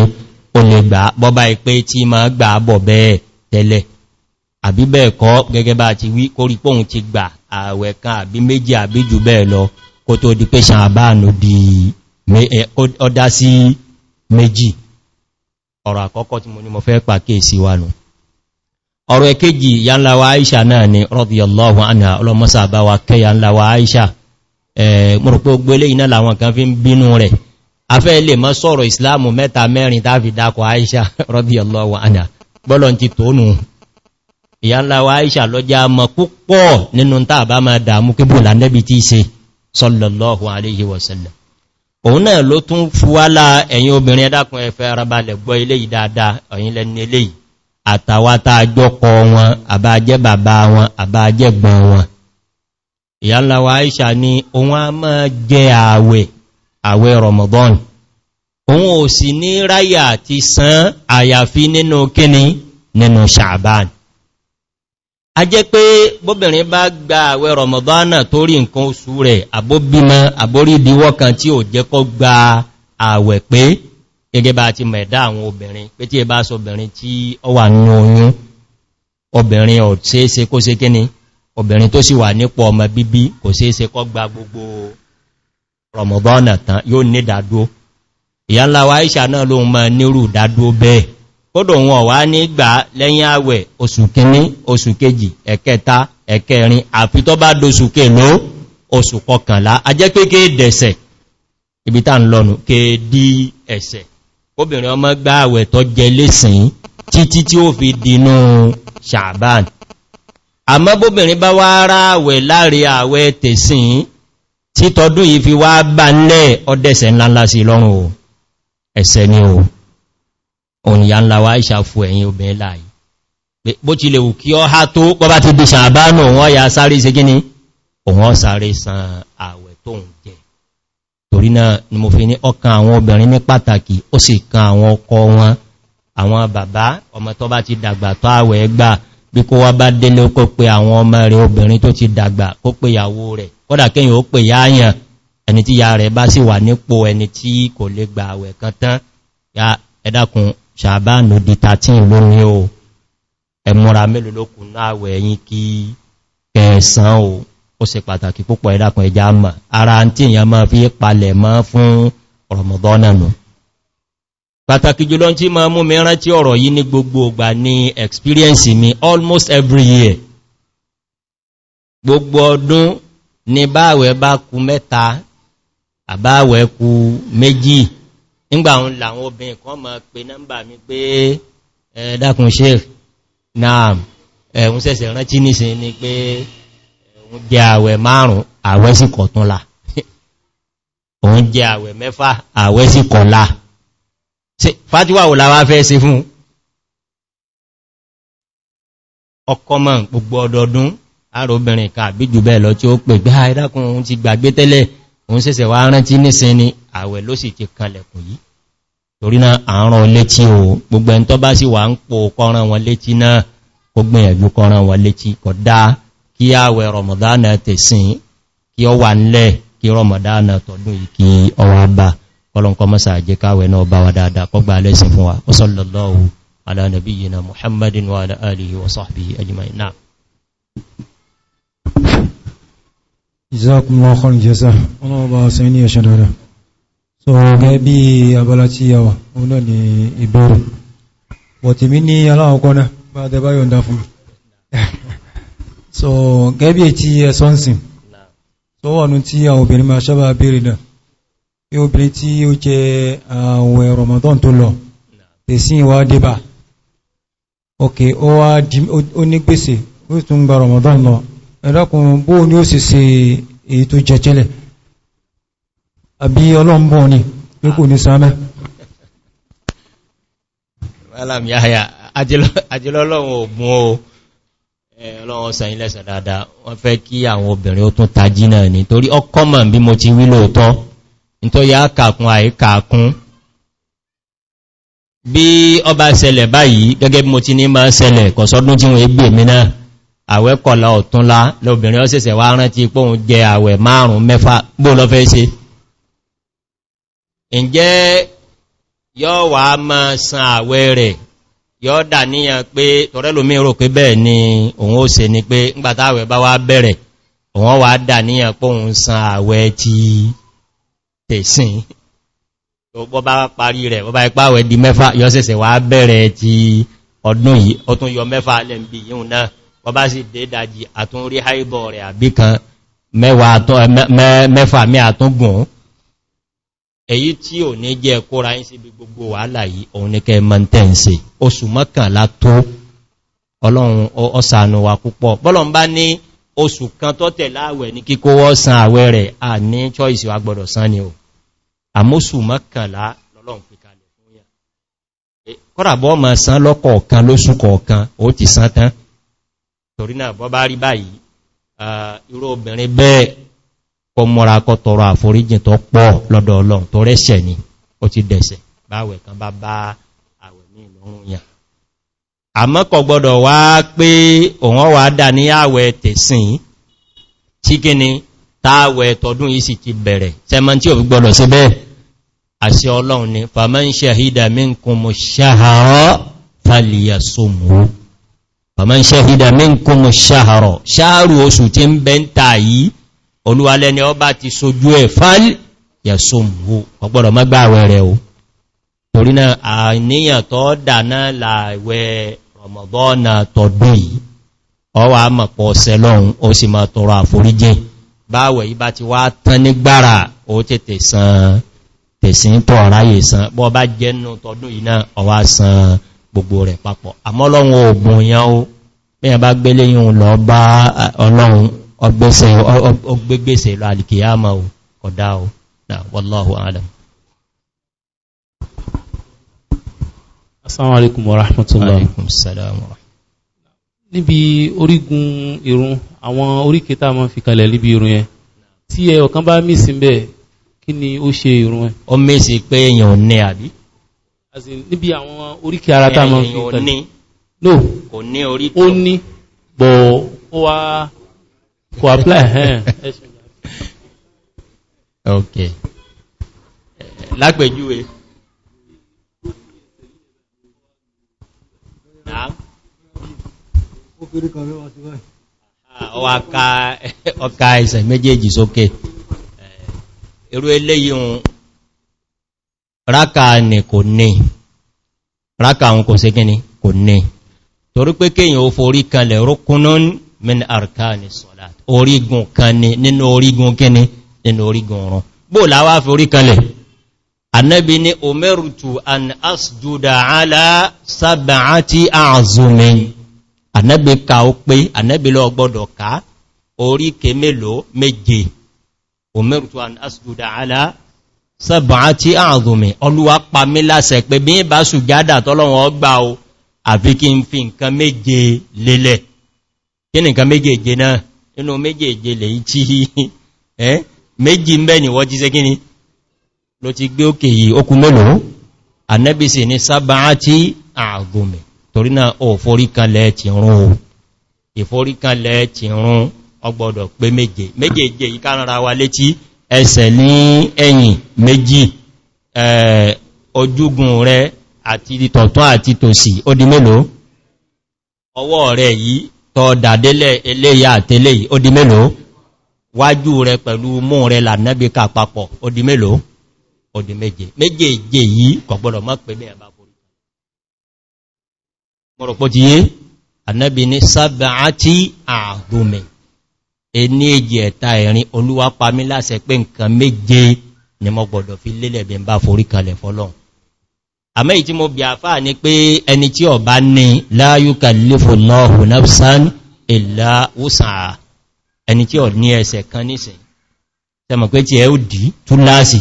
ó lè gbà bọ́bá ipé tí ìmọ̀ gbà bọ̀ bẹ́ẹ̀ tẹ́lẹ̀ àbí bẹ́ẹ̀ kọ́ gẹ́gẹ́ bá ti wí kórí pòun ti gbà ààwẹ̀ kan àbí méjì àbí jù bẹ́ẹ̀ lọ kó tó di pé ṣàbánù di ọdá sí méjì ọ̀rọ̀ àkọ́kọ́ tí mo ní mo fẹ́ pàkíyèsí wa nù ọ̀rọ̀ ẹ̀kejì ya ńlá náà ni radiyallahu anha ọlọ́mọ́sà wa kẹ́ ya ńlá wa aisha mọ̀rọ̀pọ̀ gbélé iná làwọn kan fi islamu mẹ́ta mẹ́rin tàbí dákọ̀ aisha <laughs> radiyallahu anha bọ́lọ̀ ìyá ńlá wa aisha lọ́já mọ̀ púpọ̀ nínú tàà bá máa dàmú kí bùlá nẹ́bí tí ṣe sallallahu alaihi wasallam òun náà ló tún fúwálá ẹ̀yin obìnrin ẹdákun ẹ̀fẹ́ arabalẹ̀ gbọ́ ilé ìdáadáa ọ̀yìn lẹ́ni ilé àtàwátá àjọkọ wọn àbájẹ́ bàbá wọn àbájẹ́ gbọ́n wọn ìyá a jẹ́ pé bóbìnrin bá gba àwẹ̀ rọmọdánà tó rí nǹkan oṣù rẹ̀ àbóbímọ àbórí ìdíwọ́ kan tí ò jẹ́ kó gba àwẹ̀ pé gẹ́gẹ́ bá ti mẹ̀dá àwọn obìnrin pé tí ẹ bá sọ obìnrin tí ó wà ní oyún obìnrin ò ṣeéṣe kó ṣe kíni obìnrin tó sì wà nípò ọmọ bíbí kò ṣeéṣe kó gba gbogbo rọmọdánà tán yóò ní dádó ìyá ńlá wa náà lóhun mọ nírù dádó bẹ́ẹ̀ kódò wọn wá ní gbà lẹ́yìn àwẹ̀ oṣù kìíní oṣù kejì ẹ̀kẹta ẹ̀kẹrin àfi tó bá dóṣù kèló oṣù kọkànlá a jẹ́ pé kéèdẹ̀ẹ̀sẹ̀ ibi tá ń lọ́nu kéèdí ẹ̀sẹ̀ obìnrin ọmọ gbà àwẹ̀ tó jẹ lẹ́sìn títí tí ó fi dínú ṣàbán ẹ̀sẹ̀ ni o òyìnyà ńlá wá ìṣàfù ẹ̀yìn obìnrin láàyí bó ti lè wù kí ọ há tó pọ́bá ti bí ṣàbánù wọ́n ya sáré sí gíní òun sáré san ààwẹ̀ tó ń jẹ torí náà ni mo fi ní ọkàn àwọn obìnrin ní pàtàkì ó sì kan àwọn ọkọ wọn àwọn bàbá ọmọ tó bá ti dàgbà tó àwẹ̀ gbà bí kó wá bá délé kó pe àwọn ọmọ rẹ̀ obìnrin tó ti dàgbà kó pe ìyàwó rẹ̀ kódà kéyàn ó pe yáyàn ẹni tí ya rẹ̀ bá sì wà nípò ẹni tí kò lè gbà àwẹ̀ kan tán ya ẹ̀dàkùn ṣàbánù di 13 ló ní o ẹmọ́ra mélòó lókùn láàwẹ̀ yìí kí kẹsàn o ó se pàtàkì púpọ̀ ẹ̀dàkùn ẹja mọ̀ ara tí èyàn máa fi palẹ̀ mọ́ fún ọ̀rọ̀mọ̀dọ́nànù pàtàkì jùlọ tí ma mú mi rántí ọ̀rọ̀ yìí ní gbogbo ògbà ní experience mi almost every year gbogbo ọdún ni báwẹ̀ bá kú mẹ́ta àbáwẹ̀ ku méjì nígbà òun làwọn obìnrin kan mọ̀ pé nọ́mbà mi pé ẹ̀ẹ́dàkùn sheik naam ẹ̀hùn sẹ́sẹ̀ rántí nìsìn ni pé òun jẹ àwẹ̀ márùn-ún àwẹ̀ sí kọ̀túnlá <laughs> òun jẹ àwẹ̀ mẹ́fà àwẹ̀ sí kọ̀lá fàtíwà wò láwá fẹ́ sí fún ọkọ̀ mọ̀ gbogbo ọdọọdún arobìnrin kàbí jù bẹ́ẹ̀ lọ tí ó òun sẹ́sẹ̀ wá rántí nísin ni àwẹ̀ ló sì ti kanlẹ̀kùn yìí torí náà àárán létí o gbogbo ẹn tó bá sì wà ń pò kọ́ran wọn létí náà gbogbo ẹ̀jú kọ́ran wọn létí kọ̀ dá kí àwẹ̀ rọmọdánà tẹ̀sìn kí ọ wà nílẹ̀ kí rọmọdánà tọdún ìkí muhammadin wa ala wa sahbihi ajma'in na'am Jazakumullahu khairan jazaa ọlọ́wọ́ bá sẹ ní ẹ̀ṣẹ̀ dára so gẹ́ bí abala tí yà wà òun náà ni ìbẹ̀rù bọ̀tí mi ní aláwọ̀kọ́ náà bá dẹ bá yọ̀nda fún <laughs> so gẹ́ bí tí ẹ sọ́nsìn tó wọ̀nú tí tí Ramadan tó lọ tẹ̀sí ìwà débà ok ó ní gbèsè ó Ramadan lọ ẹ̀lọ́kùn bó ní ó sì ṣe èyí tó jẹjẹlẹ̀ àbí ọlọ́mbọ̀ ni pé kò ní sáàmẹ́ ajẹ́lọ́lọ́wọ̀n ògùn o ọlọ́wọ́n sàn ilẹ̀ sàn dáadáa wọ́n fẹ́ kí àwọn obìnrin ó tún tají náà ni torí ọkọ́mọ̀ bí mo ti wí lóòótọ́ nítorí yá kàkún àìkàkún bí ọba ṣẹlẹ̀ báyìí gẹ́gẹ́ bí mo ti ní máa ṣẹlẹ̀ kọ̀sọ́dún tí wọ́n gbè mí náà àwẹ́ kọ̀lá ọ̀túnlá lóbìnrin ọ́sẹ̀sẹ̀ wá rántí pòun jẹ àwẹ̀ márùn-ún mẹ́fà gbó lọ fẹ́ ṣe ǹjẹ́ yọ́ wà má san àwẹ́ rẹ̀ yọ́ dà níyàn pé tọ́rẹ́lùmí pé bẹ́ẹ̀ ni òun ó ṣe ni pé ńgbàtàwẹ̀ bá wá bẹ̀rẹ̀ òun wà dà níyàn pòun san àwẹ́ ti tẹ̀sìn bọ́ bá parí rẹ̀ di mẹ́fà yọ́ sẹ̀sẹ̀ wà bẹ̀rẹ̀ ti ọdún yìí ọdún yọ mẹ́fà bọ́bá sì dé dájí àtún rí haibọ̀ rẹ̀ àbí kan mẹ́fà mẹ́ àtúngùn èyí tí ò ní jẹ́ kóra yí síbi gbogbo wàhálà yìí òun ní kẹ mọ́ntẹ́ǹsì oṣù mọ́kànlá tó ọlọ́run ọsànù wà púpọ̀ bọ́lọ̀n bá ní oṣù kan tó tẹ̀ láàwẹ̀ ní kíkó wọ́ san àwẹ̀ rẹ̀ à ní choice wa gbọ́dọ̀ san ni o àmóṣù mọ́kànlá torí náà bọ́ bá rí báyìí irú obìnrin bẹ́ẹ̀ kọ mọ́ra kọ tọrọ àforíjìn tó pọ̀ lọ́dọ̀ ọlọ́run tó rẹ́sẹ̀ ni ó ti dẹ̀sẹ̀ báwẹ̀ kan bá bá àwẹ̀ ní ìlọ́run yà àmọ́kọ̀ gbọdọ̀ wá pé òun wà dà ní àwẹ̀ tẹ̀sìn tí kí ni táwẹ̀ tọdún yìí sì ti bẹ̀rẹ̀ sẹ́mọ́ tí ni fàmọ́ ń ṣe àhídà mí ń faman shahida minkum shahara ṣáàrù oṣù tí ń bẹ ń ta yìí olúwalẹ́ ni ọba ti sojú ẹ̀ fàl yasumhu ọgbọ́dọ̀ má gbààwẹ̀ rẹ̀ o torí náà àníyàn tó dáná láàwẹ̀ Ramadana tọdún yìí ọwà mọ̀pọ̀ sẹlọ́un ó sì máa tọrọ àforíjẹ́ báwẹ̀ yìí bá ti gbogbo rẹ̀ papọ̀ àmọ́ ọlọ́run oògùn yán ó mẹ́yàn bá gbélé yíò lọ bá ọlọ́run ọgbẹ́gbẹ́sẹ̀ lọ alìkìyàmà ò kọ̀dá ò náà wallahu alam assalamu alaikum wa rahmatullah alaikum salam wa níbi orígun irun àwọn oríkẹta ma fi kalẹ̀ níbi irun yẹn tí ẹ ọ̀kan bá mí sí bẹ́ẹ̀ kí ni ó ṣe irun ẹ ọ mẹ́sì pé èèyàn ní àbí níbi àwọn oríkèé ara tá máa ń fi tẹ̀lé no kò ní orí tó ní bọ̀ ó wá kò apply ẹ̀hẹ́n eh, eh. <laughs> ok lápẹ̀júwe ọwà ọka méjèèjì sókè eh, irú eléyìn ráka ní kò ní ráka àwọn kò ségé ní kò ní torí pé kíyàn ó forí kalẹ̀ rukunun min arkani salat orígun kan ní nínú orígun kíni nínú orígun ọ̀run bó láwá forí kalẹ̀ annabi ni umirtu an asjuda ala sab'ati a'zumin annabi ka ó pé annabi ló gbọ́dọ̀ ká oríkè mélòó méje umirtu an asjuda ala sẹ́bàá tí ààrùnmì olúwa pa mí láṣẹ pé bí i bá sùjádà tọ́lọ́wọ́n ọgbà o àfi kí n fi nǹkan méje lélẹ̀ kí ni nǹkan méjèèje náà inú méjèèje lè tí <laughs> ẹ́ méjì ń bẹ́ ni wọ́n ti ṣe kíni ló ti gbé òkè yìí okun mélòó anẹ́bìsì ní sábàá tí torí náà ò foríkanlẹ̀ ti rún o ìforíkanlẹ̀ ti rún ọgbọ̀dọ̀ pé méje méjèèje yìí ká rán ra wa létí ẹsẹ̀ ní ẹ̀yìn méjì ojúgun rẹ àti tọ̀tún àti tòsì ó di mélòó ọwọ́ rẹ yìí tọ́ dàdélẹ̀ eléyà àtẹ́lẹ̀ ó di mélòó wájú rẹ pẹ̀lú mú rẹ lànẹ́bí kàpapọ̀ ó di mélòó ó di méje méjèèjì yìí kọ̀gbọ́dọ̀ mọ́ pé mọ̀rọ̀pọ̀ ti yé ànẹ́bí ní sábàá tí àdómẹ̀ ẹni èjì ẹ̀ta ẹ̀rin olúwa pàmí láṣẹ pé nǹkan méje ni mo gbọ́dọ̀ fi lélẹ̀ bí n bá forí kalẹ̀ fọ́lọ́n àmẹ́ ìtí mo bí àfáà ni pé ẹni tí ọ bá ní la yukallifu Allahu nafsan illa wus'aha ẹni tí ọ ní ẹsẹ̀ kan nísìn tẹmọ̀ pé tí ẹ ó dì túláàsì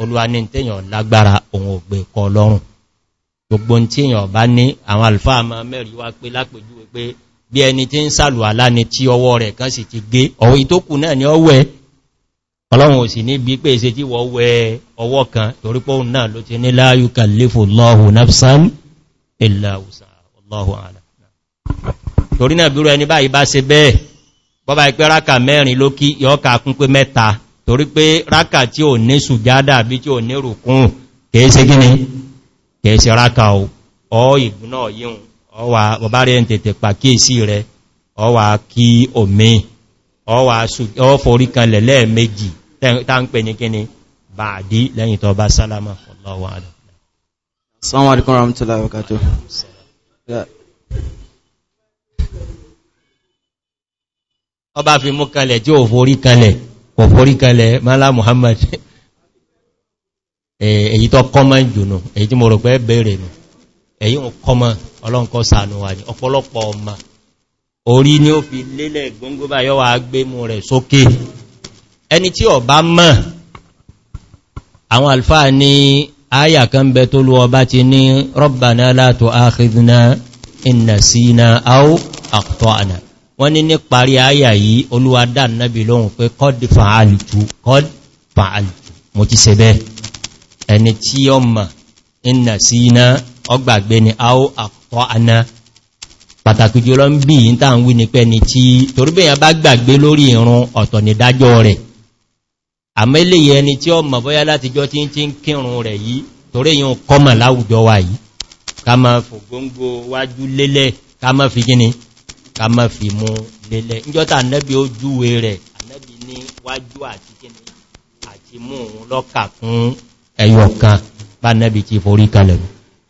olúwa ní tẹ́yàn lágbára òun ògbè kọ bí ẹni tí ń sàlù àlá ni tí ọwọ́ rẹ̀ kan sì ti gé ọwọ́ ìtókù náà ni ọwẹ́ ọlọ́run ò sì ní bí pé ṣe tí wọ́n wẹ ọwọ́ kan torípọ̀ náà ló ti ní láyú kàlífò lọ́hù nafsan ìlàúsà ọlọ́hù àlà torí náà bírò ẹni báyìí bá ṣe bẹ́ẹ̀ bọ́bá ipẹ́ ráka mẹ́rin ló kí yọ́ka kún pé ìgbùnà yíhun ọwà bọ̀bá rẹ̀ ń tètè pàkíyèsí rẹ̀ ọwà kí omi ọwà ọforí kan lẹ̀lẹ́ méjì tá ń pè ní kíni bá àdí lẹ́yìn tó bá sálámà ọlọ́wà rẹ̀ ọba fi mú kalẹ̀ tí ò forí kalẹ̀ kò forí kalẹ̀ mọ́lá muhammad <laughs> èyí tó kọ́mọ̀ jùnú èyí tí mo rò pé bèèrè nù èyí ò kọ́mọ̀ ọlọ́nkọ́ sànù wà ní ọ̀pọ̀lọpọ̀ ọmọ orí ni ó fi lélẹ̀ gbóngbó bá yọ́wà agbémú rẹ̀ sókè ẹni tí ọ bá mọ̀ àwọn alfáà ní ayà kan bẹ tó lú ọba ti ní rọ́bàná látò áhìdìna ìnàsína áó àkùtọ̀ànà wọ́n ní ní parí ayà yìí olúwa nábi lóhun pé kọ́dì fa'alìtù mo ti se bẹ́ ẹni tí ọmọ ìnàsína ọgbàgbé ni áó àkùtọ̀ànà àtọ́ àná pàtàkì jùlọ ń bí ìyíntà ń wí ní pẹ́ ni tí torípéyàn bá gbàgbé lórí ìrun ọ̀tọ̀ ní dájọ́ rẹ̀ àmẹ́lẹ̀yẹ ẹni tí ó mọ̀ bóyá látijọ́ tí ń tí ń kírun rẹ̀ yìí torí yíò kọmọ̀ láwùjọ wa yìí ká ma fògóngó wájú lélẹ̀ ká ma fi gíní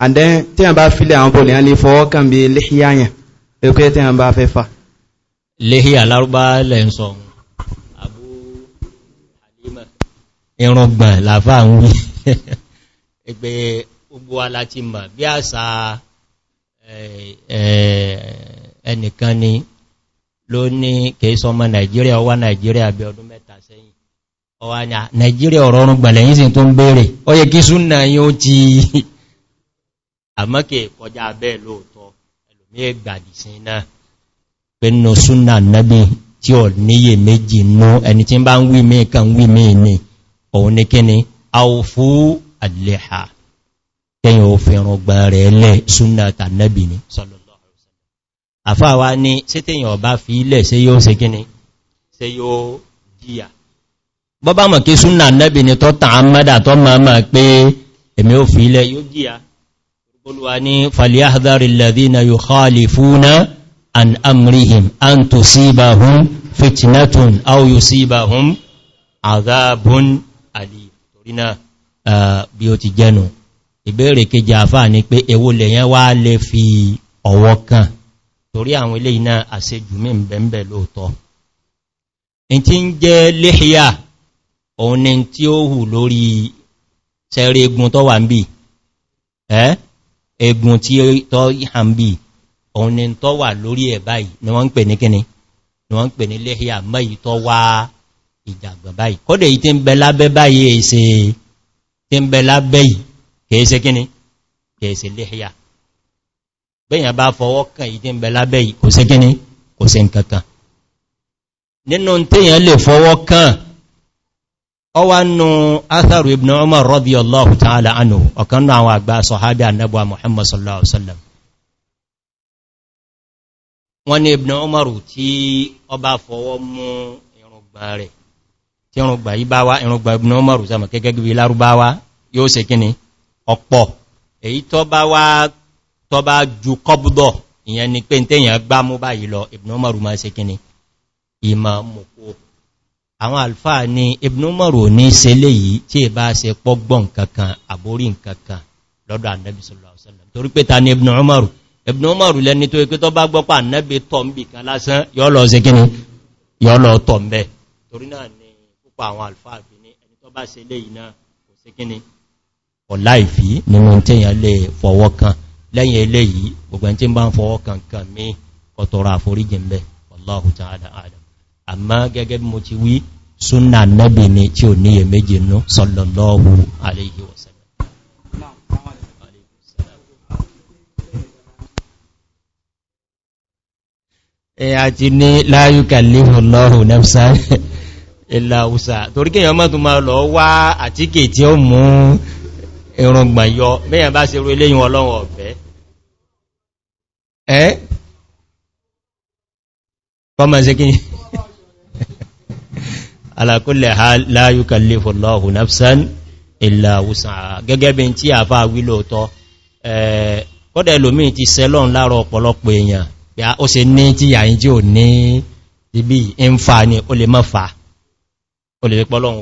and then tí a bá fílẹ̀ àwọn bọ̀lẹ̀ a lè fọwọ́ kàn bí léhíyà yẹn tí a bá fẹ́ fà léhíyà lárúbá lẹ́ǹsọ̀ Abu Halima irùngbọ̀n làfà ń wí <laughs> ẹgbẹ́ gbogbo aláti mọ̀ bí àṣà ẹnìkan ni ló ní kèésọ ọmọ Nàìjíríà ọwá Nàìjíríà bí ọdún mẹ́ta sẹ́yìn ọwá Nàìjíríà ọ̀rọ̀ ọ̀rùn gbàlẹ̀yìn sí tó ń béèrè ó yẹ kí súnà yóò ti <laughs> àmọ́kẹ̀ kọjá bẹ́ẹ̀ lóòtọ́ ẹlòmí ẹgbàdì sí náà pẹ̀lú súnà náàbí tí ọ níyè méjì mú ẹni tí bá ń wí mí kan wí mí ní òun ní kíni àwòfú àlèhà tẹ́yìn òfin ọgbà rẹ̀ lẹ́ súnà tànábì ní ni tọ́ta àmọ́dà tọ́ máa máa pé olùwà ní fàlíáhàdárì lèdínà yóò kọ́lì fúnà an amrihim an tó sí ìbáhún fitnatun au yóò sí ìbáhún azabun alì torínà bí ó ti jẹnu ìbéèrè kejì àfáà ni pé èwo lèyàn wá lè fi ọwọ́ kan torí àwọn ilé iná àṣejù mí bẹ̀m̀bẹ̀ lóòtọ́ in egun tí tọ́ ìhàmbì òun ni tọ́ wà lórí ẹ̀ báyìí ni wọ́n ń pè ní kíni ni wọ́n ń pè ní lẹ́hìá mẹ́yìí tọ́ wá ìjàgbọ̀n báyìí kọ́dẹ̀ yìí tí ń bẹ lábẹ́ báyìí èsè tí ń bẹ lábẹ́ yìí kèése kíni kò sé nkankan ọwá nù atharu ibn umar radiyallahu ta'ala anhu ọ̀kan nù àwọn àgbà sọ̀hábí annabuwa muhammad sallallahu alaihi wasallam wọ́n ní ibn umar tí ọ bá fọwọ́ mú ìrùngbà rẹ̀ tí ìrùngbà ìbáwá ìrùngbà ibn umar sama gẹ́gẹ́ bí lárúbáwá yóò ṣe kíni ọ̀pọ̀ èyí tó bá ju kọbúdọ̀ ìyẹn ni pé tẹ́yàn gbá mú báyìí lọ ibn umar ma ṣe kíni ìmọ̀ mọ̀kó àwọn alfa ni ibn umaru ní ṣe léyìí tí è bá ṣe pọ́gbọ́n kankan àbórí nkankan lọ́dọ̀ annabi sallallahu alaihi wasallam torí ibn umaru ibn umaru lẹni tó ikú tó bá gbọ́pá annabi tọ́ mbì kan lásán yọ́ lọ sí kíni yọ́ lọ tọ́ mbẹ̀ ni púpọ̀ àwọn alfáà fi ní ẹni tó bá ṣe léyìí náà kò sí kíni ọ̀lá ìfí nínú tíyàn lè fọwọ́ kan lẹ́yìn eléyìí gbogbo ẹni wallahu ta'ala a'lam àmá gẹ́gẹ́ bí mo ti wí súnà nẹ́bì ni tí ò níye méjì nú sọlọ̀lọ́hù aléyìí wọ̀sẹ̀lẹ̀ ẹ̀yà ti ní láyúkà líhùn lọ́hù nẹ́fṣà ìlàúsà torí kíyàn mọ́ tún máa lọ wá àtíkè tí ó mú ìrùngbà yọ mẹ́yàn bá ṣe rú iléyìn ọlọ́run ọ̀fẹ́ ẹ́ kọ́mọ̀ sí kíyàn ala kulli hal la yukallifu Allahu nafsan illa wus'aha gẹ́gẹ́ bí tí a fà wí lóòtọ́ eh, kọ́dẹ̀ lómi ti sẹ́lọ́n láàrọ̀ ọ̀pọ̀lọpọ̀ èèyàn ya ó se ní tí yà ń jí ò ní ibi ń fa ni ó lè mọ́ fa ó lè pọ́lọ́run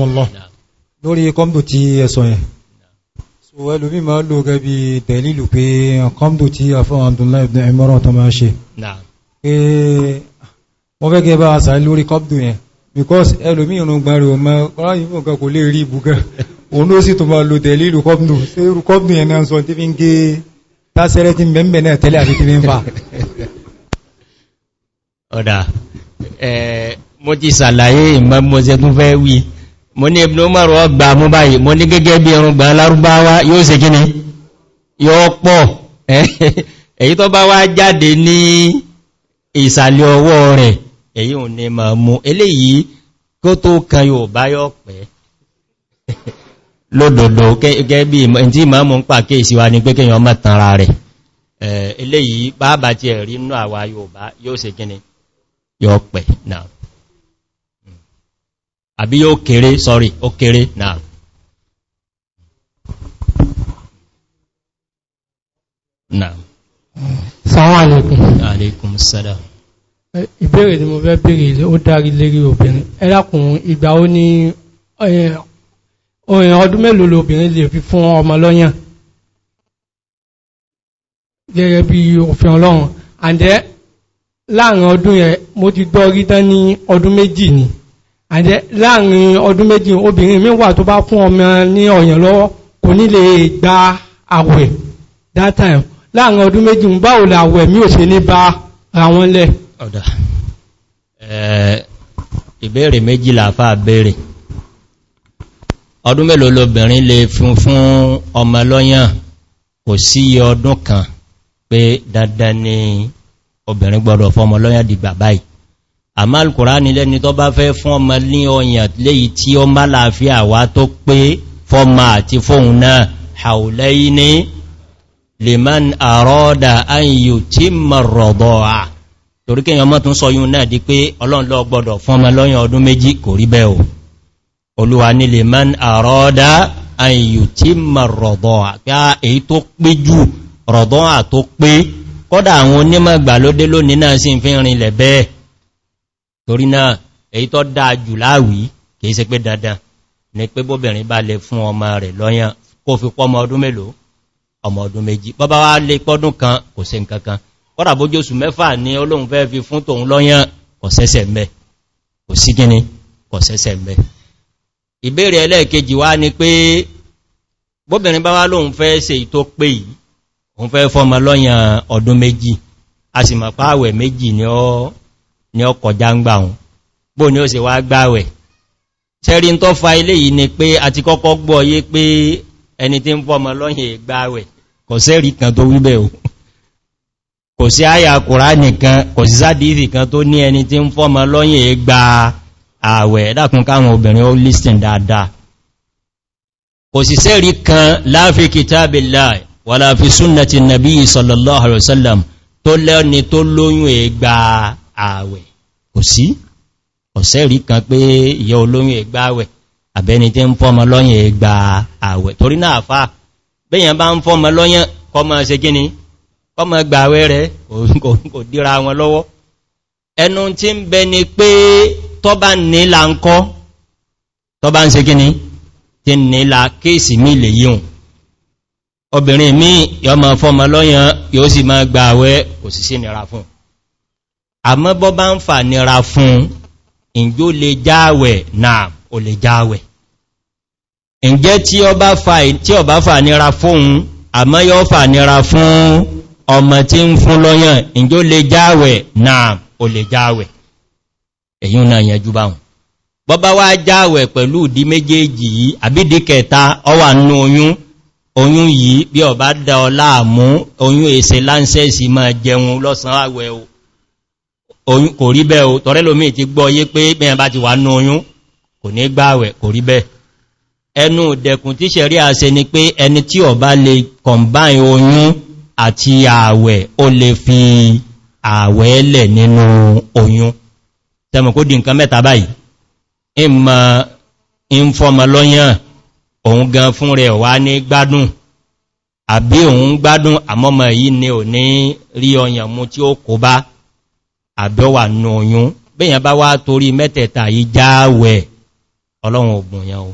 <laughs> lórí kọ́mbù tí ẹ̀sọ̀ yẹn ẹlòmí máa lò gẹ́ bí dẹ̀lìlù pé kọ́mdù tí a fún Abdullah ibn Umar tó máa ṣe wọ́n fẹ́ gẹ́ àṣà lórí kọ́mdù yẹn because ẹlòmí ìrùn gbárí ọmọ ọlọ́yìnbọn kan kò lè rí ibùgá òun ló sì tó máa lò dẹ̀lìlù kọ́mdù sí irú kọ́mdù yẹn náà sọ mo ti ṣàlàyé ìmọ̀ mo fẹ́ wí mo ní ibn umar ọgbà mú báyìí mo ní gẹ́gẹ́ bí ẹrùn gbà lárúbáwá yóò ṣe kíni yóò pọ̀ <laughs> èyí tó bá wá jáde ní ìsàlẹ̀ ọwọ́ rẹ̀ èyí ò ní ma mú eléyìí kó tó kan yóò <laughs> bá yọ pẹ́ lódòdó gẹ́gẹ́ bí tí náà àbí yóò kéré sọ́rí ó kéré náà náà sàwọn àlèkùn àlèkùn sádà ìbéèrè ni mo fẹ́ béèrè ó dárí lérí obìnrin ẹlákùn ìgbà ó ní ọ̀rìn ọdún mélòó lóbìnrin lè fi fún ọmọ lọ́yàn gẹ́gẹ́ bí òfin ọlọ́run àndẹ́ láàrin ọdún yẹn mo ti gbọ́ rí tán ní ọdún méjì ni àdẹ́ láàrin ọdún méjì obìnrin mi wà tó bá fún ọmọ ní ọ̀yàn lọ́wọ́ kò ní lè gba àwẹ̀ that time láàrin ọdún méjì báwo la àwẹ̀ mi ò ṣe ní bá ra wọn lẹ̀ ọ̀dà eh, ìbéèrè méjì làfà béèrè ọdún mélòó lóbìnrin lè fún fún ọmọ lọ́yàn kò sí ọdún kan pé dandan ni obìnrin gbọ́dọ̀ fọmọ lọ́yàn di bàbáyìí àmàl kùránì ni tó bá fẹ́ fún ọmọ ní ọyàn léyìí tí ó má láàáfíà wá tó pé fọ́mà àti fóhun náà hàùlẹ́yí ní lèman àrọ́dà ayò tí mọ̀rọ̀dọ̀ à torí kí ọmọ tún sọ yún náà di pé ọlọ́nlọ́ gbọ́dọ̀ fún ọmọ lọ́yìn ọdún méjì kò torí náà èyí tó dáa jù láàwí kìí ṣe pé dandan ni pé bóbìnrin bá lè fún ọmọ rẹ̀ lọ́yàn kó fi pọ́ ọmọ ọdún mélòó ọmọ ọdún méjì bọ́bá wá lè pọ́dún kan kò ṣe nkankan kọ́dà bójósù mẹ́fà ní olóhun fẹ́ fi fún tòun lọ́yàn kò ní ọkọ̀ jáǹgbà hùn bó ní ó sì wá gbáwẹ̀ tẹ́rin tó fa ilé yìí ni pé a ti kọ́kọ́ gbọ́ yé pé ẹni tí ń fọ́mọ lọ́yìn gbáwẹ̀ kò sẹ́rí kan tó wíbẹ̀ o kò sí àyà kùránì kan kò sí sádìífì kan tó ní ẹni tí ń fọ́mọ lọ́yìn gba ààwẹ̀ ẹ̀dàkùn káwọn obìnrin ó lísìn dáadáa kò sí sẹ́rí kan láàfi kìtàbìlá wàlàfi súnnàtì nàbí sallallahu alaihi wasallam tó lẹ́ni tó lóyún ègbà ààwẹ̀ kò sí ọ̀sẹ́ rí kan pé ìyá olóyún ẹgbà ààwẹ̀ àbẹ́ni tí ń fọ́mọ lọ́yìn ẹgbà ààwẹ̀ torí náà fà bẹ́yàn bá ń fọ́mọ lọ́yìn kọmọ ṣe gíní kọmọ ẹgbà ààwẹ̀ rẹ̀ kò dìra wọn lọ́wọ́ ẹnu tí ń bẹ ni pé tọ́bá nílà ń kọ́ ń ṣe gíní tí nílà kéèsì mí lè yíhùn obìnrin mi yọ ma fọ́mọ lọ́yìn yóò sì ma gbà ààwẹ̀ kò sì sí nira fún un àmọ́ bọ́ bá ń fà nira fún ìjó lè jáwẹ̀ náà o lè jáwẹ̀ ǹjẹ́ tí ọ bá fà nira fún àmọ́ yóò fà nira fún ọmọ tí ń fún lọ́yàn ìjó lè jáwẹ̀ náà o lè jáwẹ̀ èyí náà yẹjú báhùn bọ́bá wá jáwẹ̀ pẹ̀lú ìdí méjèèjì yìí àbídí kẹta ọwà nú oyún oyún yìí bí ọ̀bá dá ọ láàmú oyún èsè láńsẹ́sì máa jẹun lọ́sàn àwẹ̀ o oyún kò rí bẹ́ o tọ́rẹ́ lómi ti gbọ́ yé pé bẹ́yàn bá ti wà ní oyún kò ní gbáwẹ̀ kò rí bẹ́ ẹnu dẹ̀kùn tí ṣẹ̀rí àṣẹ ni pé ẹni tí ó bá lè combine oyún àti ààwẹ̀ ó lè fi ààwẹ̀ nínú oyún tẹ́mọ̀ kó di nǹkan mẹ́ta báyìí ìmọ̀ ìfọmọ àbẹ́wà nùyún bẹ́yàn bá wá torí mẹ́tẹ̀ẹ̀ta yìí jáwẹ̀ ọlọ́run ògùn yàn o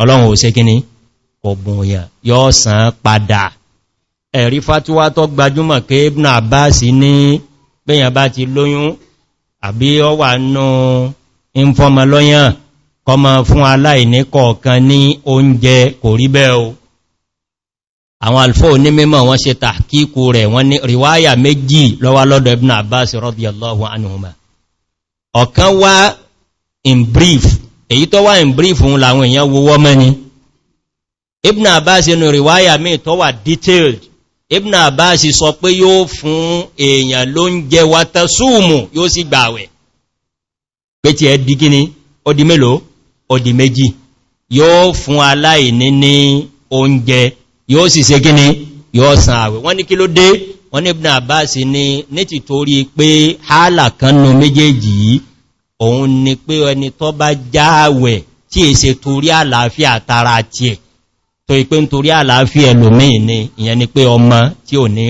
ọlọ́run ò sé kí ní ògùn yàn yóò sàn padà ẹ̀rí fatuwa tó gbajúmọ̀ pé ibn abbas ní bẹ́yàn bá ti lóyún àbí ọ wà nù ìfọmọlọ́yàn kọmọ fún aláìní ní oúnjẹ kò rí bẹ́ẹ̀ o àwọn alfọ́ ní mímọ̀ wọ́n ṣe tàkíkù rẹ̀ wọ́n ní ríwáyà méjì lọ́wà lọ́dọ̀ ibn abbas radiyallahu anhuma ọ̀kan wá in brief èyí tó wá in brief ń làwọn èèyàn wọ́wọ́ mẹ́ni ibn abbas inú ríwáyà mí tó wà detailed ibn abbas sọ pé yóò fún èèyàn ló ń jẹ wata súùmù yóò sì gbàwẹ̀ pé ti ẹ oúnjẹ yóò sì ṣe gíní yóò san àwẹ̀ wọ́n ní kí ló dé wọ́n ní Ibn Abbas ni ní ti torí pé hálà kanú méjèèjì yìí òun ni pé ẹni tó bá jáwẹ̀ tí è ṣe torí àlàáfíà tara ti ẹ̀ tó ipé ń torí àlàáfíà ẹlòmíì ni ìyẹn ni pé ọmọ tí ò ní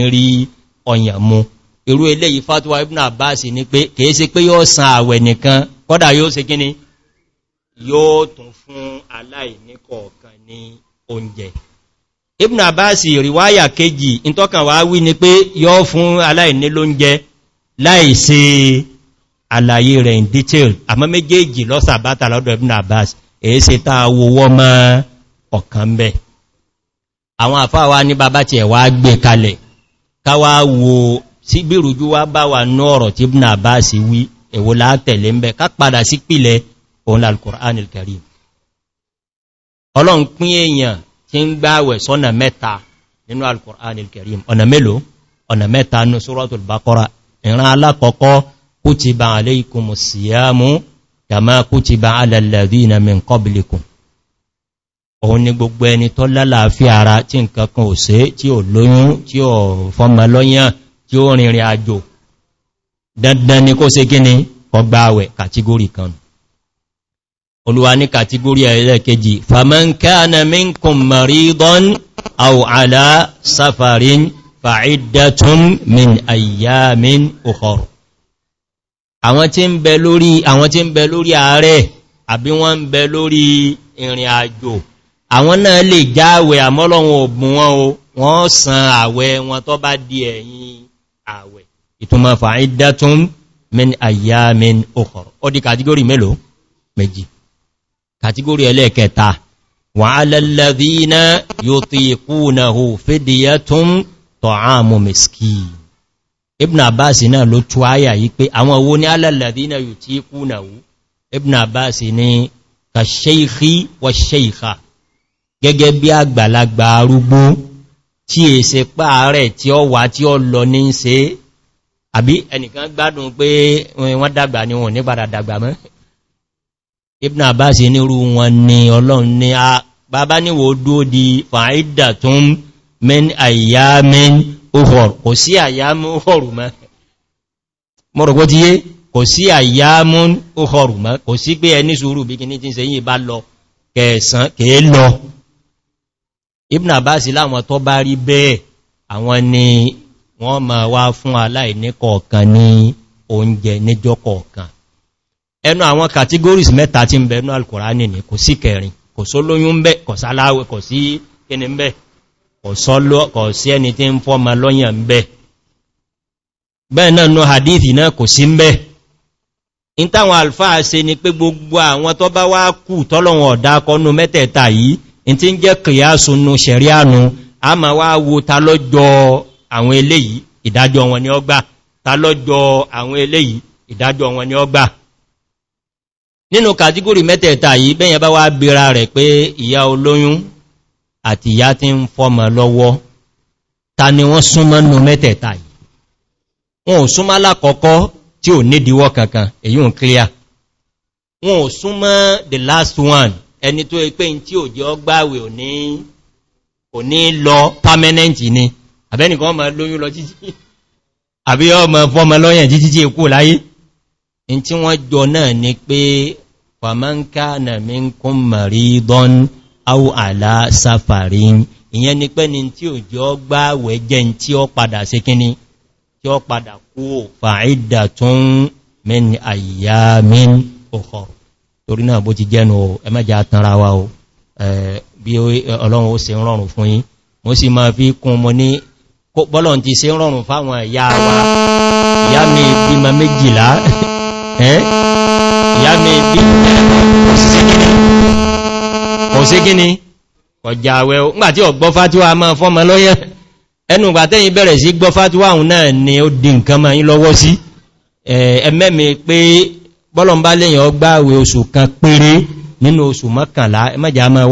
yóò tún fún aláìníkọ̀ọ̀kan ní oúnjẹ ibn abbas riwaya kejì ìtọ́kàn wá wí ni pé yọ́ fún aláìní ló ń jẹ láìsí àlàyé rẹ̀ in detail àmọ́ méjèèjì lọ́sà bátà lọ́dọ̀ ibn abbas èé se ta wọwọ́ mọ́ ọ̀kan bẹ̀ àwọn àfáwà ní bàbá ti ẹ̀wà gbé kalẹ̀ káwà wo sí bírùjú wá bá wà ní ọ̀rọ̀ tí ibn abbas wí èwo látẹ̀lé ń bẹ̀ ká padà sí pìlẹ̀ òun al-qur'an karim ọlọ́run èèyàn tí ń gbáwẹ̀ sọ́nà mẹ́ta nínú al-Qur'an al-Karim ọ̀nà mélòó ọ̀nà mẹ́ta nínú Suratul Baqara ìran alákọ̀ọ́kọ́ kutiba alaykumus siyamu kama kutiba ala alladhina min qablikum òun ni gbogbo ẹni tó lálàáfí ara tí nǹkan kan ò ṣe tí ò lóyún tí ò fọmọ lọ́yàn tí ó rìnrìn àjò dandan ni kó olúwa ní kàtígórí ẹlẹ́kejì fàmọ́nkáàna mínkùn maridon au ala safarin fa'iddatun min ayyamin ukhor àwọn tí ń bẹ lórí àwọn tí ń bẹ lórí ààrẹ àbí wọ́n ń bẹ lórí ìrìn àjò àwọn náà lè jáwẹ̀ àmọ́lọ́wọ̀n ògbùn wọn o wọ́n san àwẹ̀ wọn tó bá di ẹ̀yìn àwẹ̀ ìtumọ̀ fa'iddatun min ayyamin ukhor ó kàtígórí mélòó méjì kàtígórí ẹlẹ́ẹ̀kẹta wà alẹ́lẹ́dínà yóò ti kúnàhù fídíyà tún tọ̀háàmù mẹ́sìkì ibn abbas náà ló tó áyà yí pé àwọn owó ní alẹ́lẹ́dínà yóò ti kúnàhù ibn abbas ní kàṣẹ́ìkí wà ṣẹ́ìkà gẹ́gẹ́ bí àgbàlagbà arúgbó tí è se páàrẹ̀ tí ó wà tí ó lọ ní ṣe àbí ẹnìkan gbádùn pé wọ́n dàgbà ni wọ́n ní dàgbà mọ́ ibn abbas nírú wọn ni ọlọ́run ni a bàbá níwò dúó di fàídà tún mẹ́n àyàmẹ́n òhòrò kò sí àyàmù òhòrò mẹ́ mọ́rọ̀gbọ́ ti yé kò sí àyàmù òhòrò mẹ́ kò sí pé ẹni sùúrù bí kì ní ti sẹ́yìn bá lọ kẹsàn kèé lọ ibn abbas láwọn tó bá rí bẹ́ẹ̀ àwọn ni wọ́n ma wá fún aláìní kọ̀ọ̀kan ní oúnjẹ níjọ́ kọ̀ọ̀kan ẹnu àwọn categories mẹ́ta tí ń bẹ ẹnu alkùránì ní kò sí kẹrin kò só lóyún ń bẹ kò sáláwẹ́ kò sí kíni ń kò sí ẹni tí ń fọ́mà lọ́yàn ń bẹ bẹ́ẹ̀ náà nú hadithi náà kò sí ń bẹ in táwọn alfáà se ni pé gbogbo àwọn tó bá wá kù tọ́lọ̀wọ̀n ọ̀dá kọnu mẹ́tẹ̀ẹ̀ta yìí in ti ń nínú kàtígórì mẹ́tẹ̀ẹ̀ta yìí bẹ́yẹn bá wá bèèrà rẹ̀ pé ìyá olóyún àti ìyá tí ń fọmọ lọ́wọ́ ta ni wọ́n súnmọ́ nù mẹ́tẹ̀ẹ̀ta yìí wọn ò súnmọ́ lákọ̀ọ́kọ́ tí ò nídíwọ́ kankan èyí ń clear wọn ò súnmọ́ the last one ẹni tó pé tí ò jẹ́ ọgbàwẹ̀ ò ní lọ permanent ni àbẹ́nìkan ọmọ lóyún lọ títí àbí ọmọ fọmọ lọ́yẹ̀ títí tí èkó láyé in tí wọ́n jọ náà ni pé fàmán káànà mi ń kún maridon au ala safarin ìyẹn ni pé ni tí ò jọ gbáwẹ̀ jẹ́ tí ó padà sí kíní tí ó padà kú fàídà tún min àyà min ọkọ̀ torí náà bó ti jẹ́nu ẹmẹ́jà tanra wa o bí ọlọ́run ó se rọrùn fún yí mo sì máa fi kún mo ní bọ́lọ̀n ti se rọrùn fáwọn ìyá wa ìyá mi bí ma méjìlá <laughs> ẹ́ ìyámi bí òsí kíni ọjà àwẹ̀ ńgbàtí ọgbọ́ fátíwà máa fọ́mọ lọ́yẹ́ ẹnu gbàtẹ́yìn bẹ̀rẹ̀ sí gbọ́ fátíwà òun náà ni ó di nǹkan ma yín lọ́wọ́ sí ẹmẹ́mi pé bọ́lọ̀mbá lẹ́yìn ọgbàwẹ̀ oṣù kan péré nínú oṣù mọ́kànlá ẹmẹ́jà máa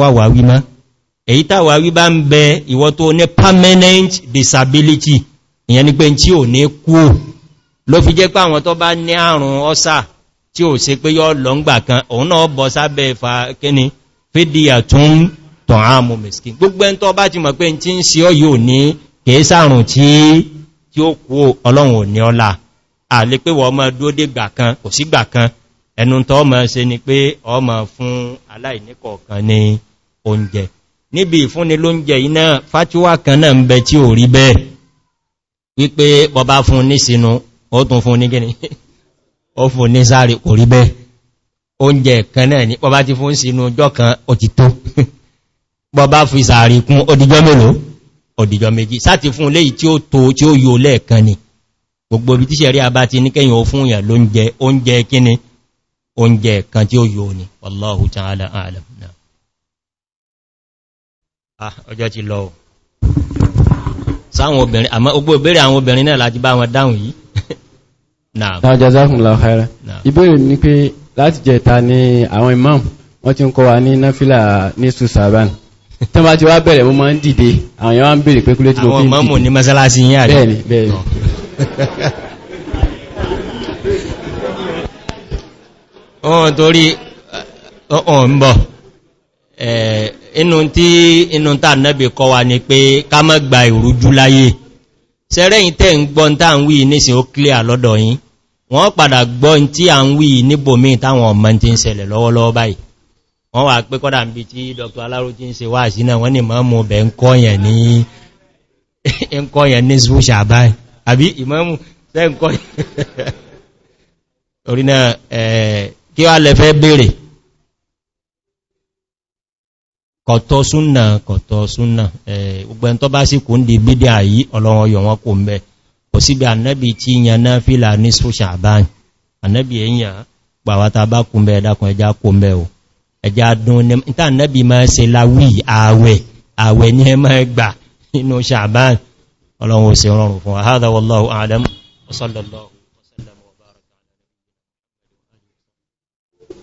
fi jẹ́ pé àwọn tó bá ní àrùn ọ́sà tí ó se pé yọ́ lọ́ngbà kan òun náà bọ̀ sábẹ́ fa kíni fídíà tún tọ̀hámù mìsíkì gbogbo ẹn tó bá ti mọ̀ pé tí ń sí ọ yóò ní kèésàrùn tí tí ó kú ọlọ́run ò ní ọlá àlè pé wọ́n mọ́ dúódé gbà kan kò sí gbà kan ẹnu tó mọ́ se ni pé ọmọ fún aláìníkọ̀ọ̀kan ní oúnjẹ níbi ìfúnni lóúnjẹ iná fátíwá kan náà ń bẹ tí ò rí bẹ́ẹ̀ wípé bọba fún ní sínú ó tún fún ní gẹ́ni ó fún ní sáré kò rí bẹ́ oúnjẹ kan náà ní pọba ti fún sínú ọjọ́ kan ó ti tó <laughs> bọba fi sàárì kún odijọ́ mélòó odijọ́ méjì sáti fún léyìí tí ó tó tí ó yóò lẹ́ẹ̀kan ni gbogbo bí tíṣẹ̀rí abá ti níkẹyìn ó fún yàn lóúnjẹ oúnjẹ kíni oúnjẹ kan tí ó yóò ni wallahu ta'ala a'lam ah ọjọ́ ti lọ sáwọn obìnrin àmọ́ gbogbo ìbéèrè àwọn obìnrin náà láti bá wọn dáhùn yìí náà jazakumullahu khairan ìbéèrè ni pé láti jẹta ní àwọn imam wọ́n ti ń kọ́ wa ní náfílà ní susaban <laughs> tí wọ́n bá ti wá bẹ̀rẹ̀ mo máa ń dìde àwọn èèyàn wá ń bèèrè pé kúlé tí mo fi ń dìde àwọn mọ́mù ní <laughs> torí ọ̀n bọ̀ inú tí inú tàà nẹ́bì kọ́ ni pé ká má gba ìrújú láyé sẹ́rẹ́yìn tẹ́ ń gbọ́n tá ń wí nísìn ó clear lọ́dọ̀ yìí wọ́n padà gbọ́n tí a ń wí níbòmí táwọn ọmọ tí ń ṣẹlẹ̀ lọ́wọ́lọ́wọ́ báyìí wọ́n wà pé kọ́dà bí tí dr aláró tí ń ṣe wá sí náà wọ́n ni mọ́mù ọbẹ̀ ń kọ́yàn ní ṣúṣà <laughs> báyìí <laughs> kọ̀tọ̀ súnnà kọ̀tọ̀ súnnà ọgbẹ̀n tó bá sì kò ń di bídí àyí ọlọ́run ọyọ̀ wọn kò mẹ́ kò síbi ànẹ́bì tí yàn náà fílà ní sọ́ṣà àbáyìn ànẹ́bì èyàn pàwátà bá kò mẹ́ ẹ̀dàkùn ẹja kò mẹ́ o ẹja dún ní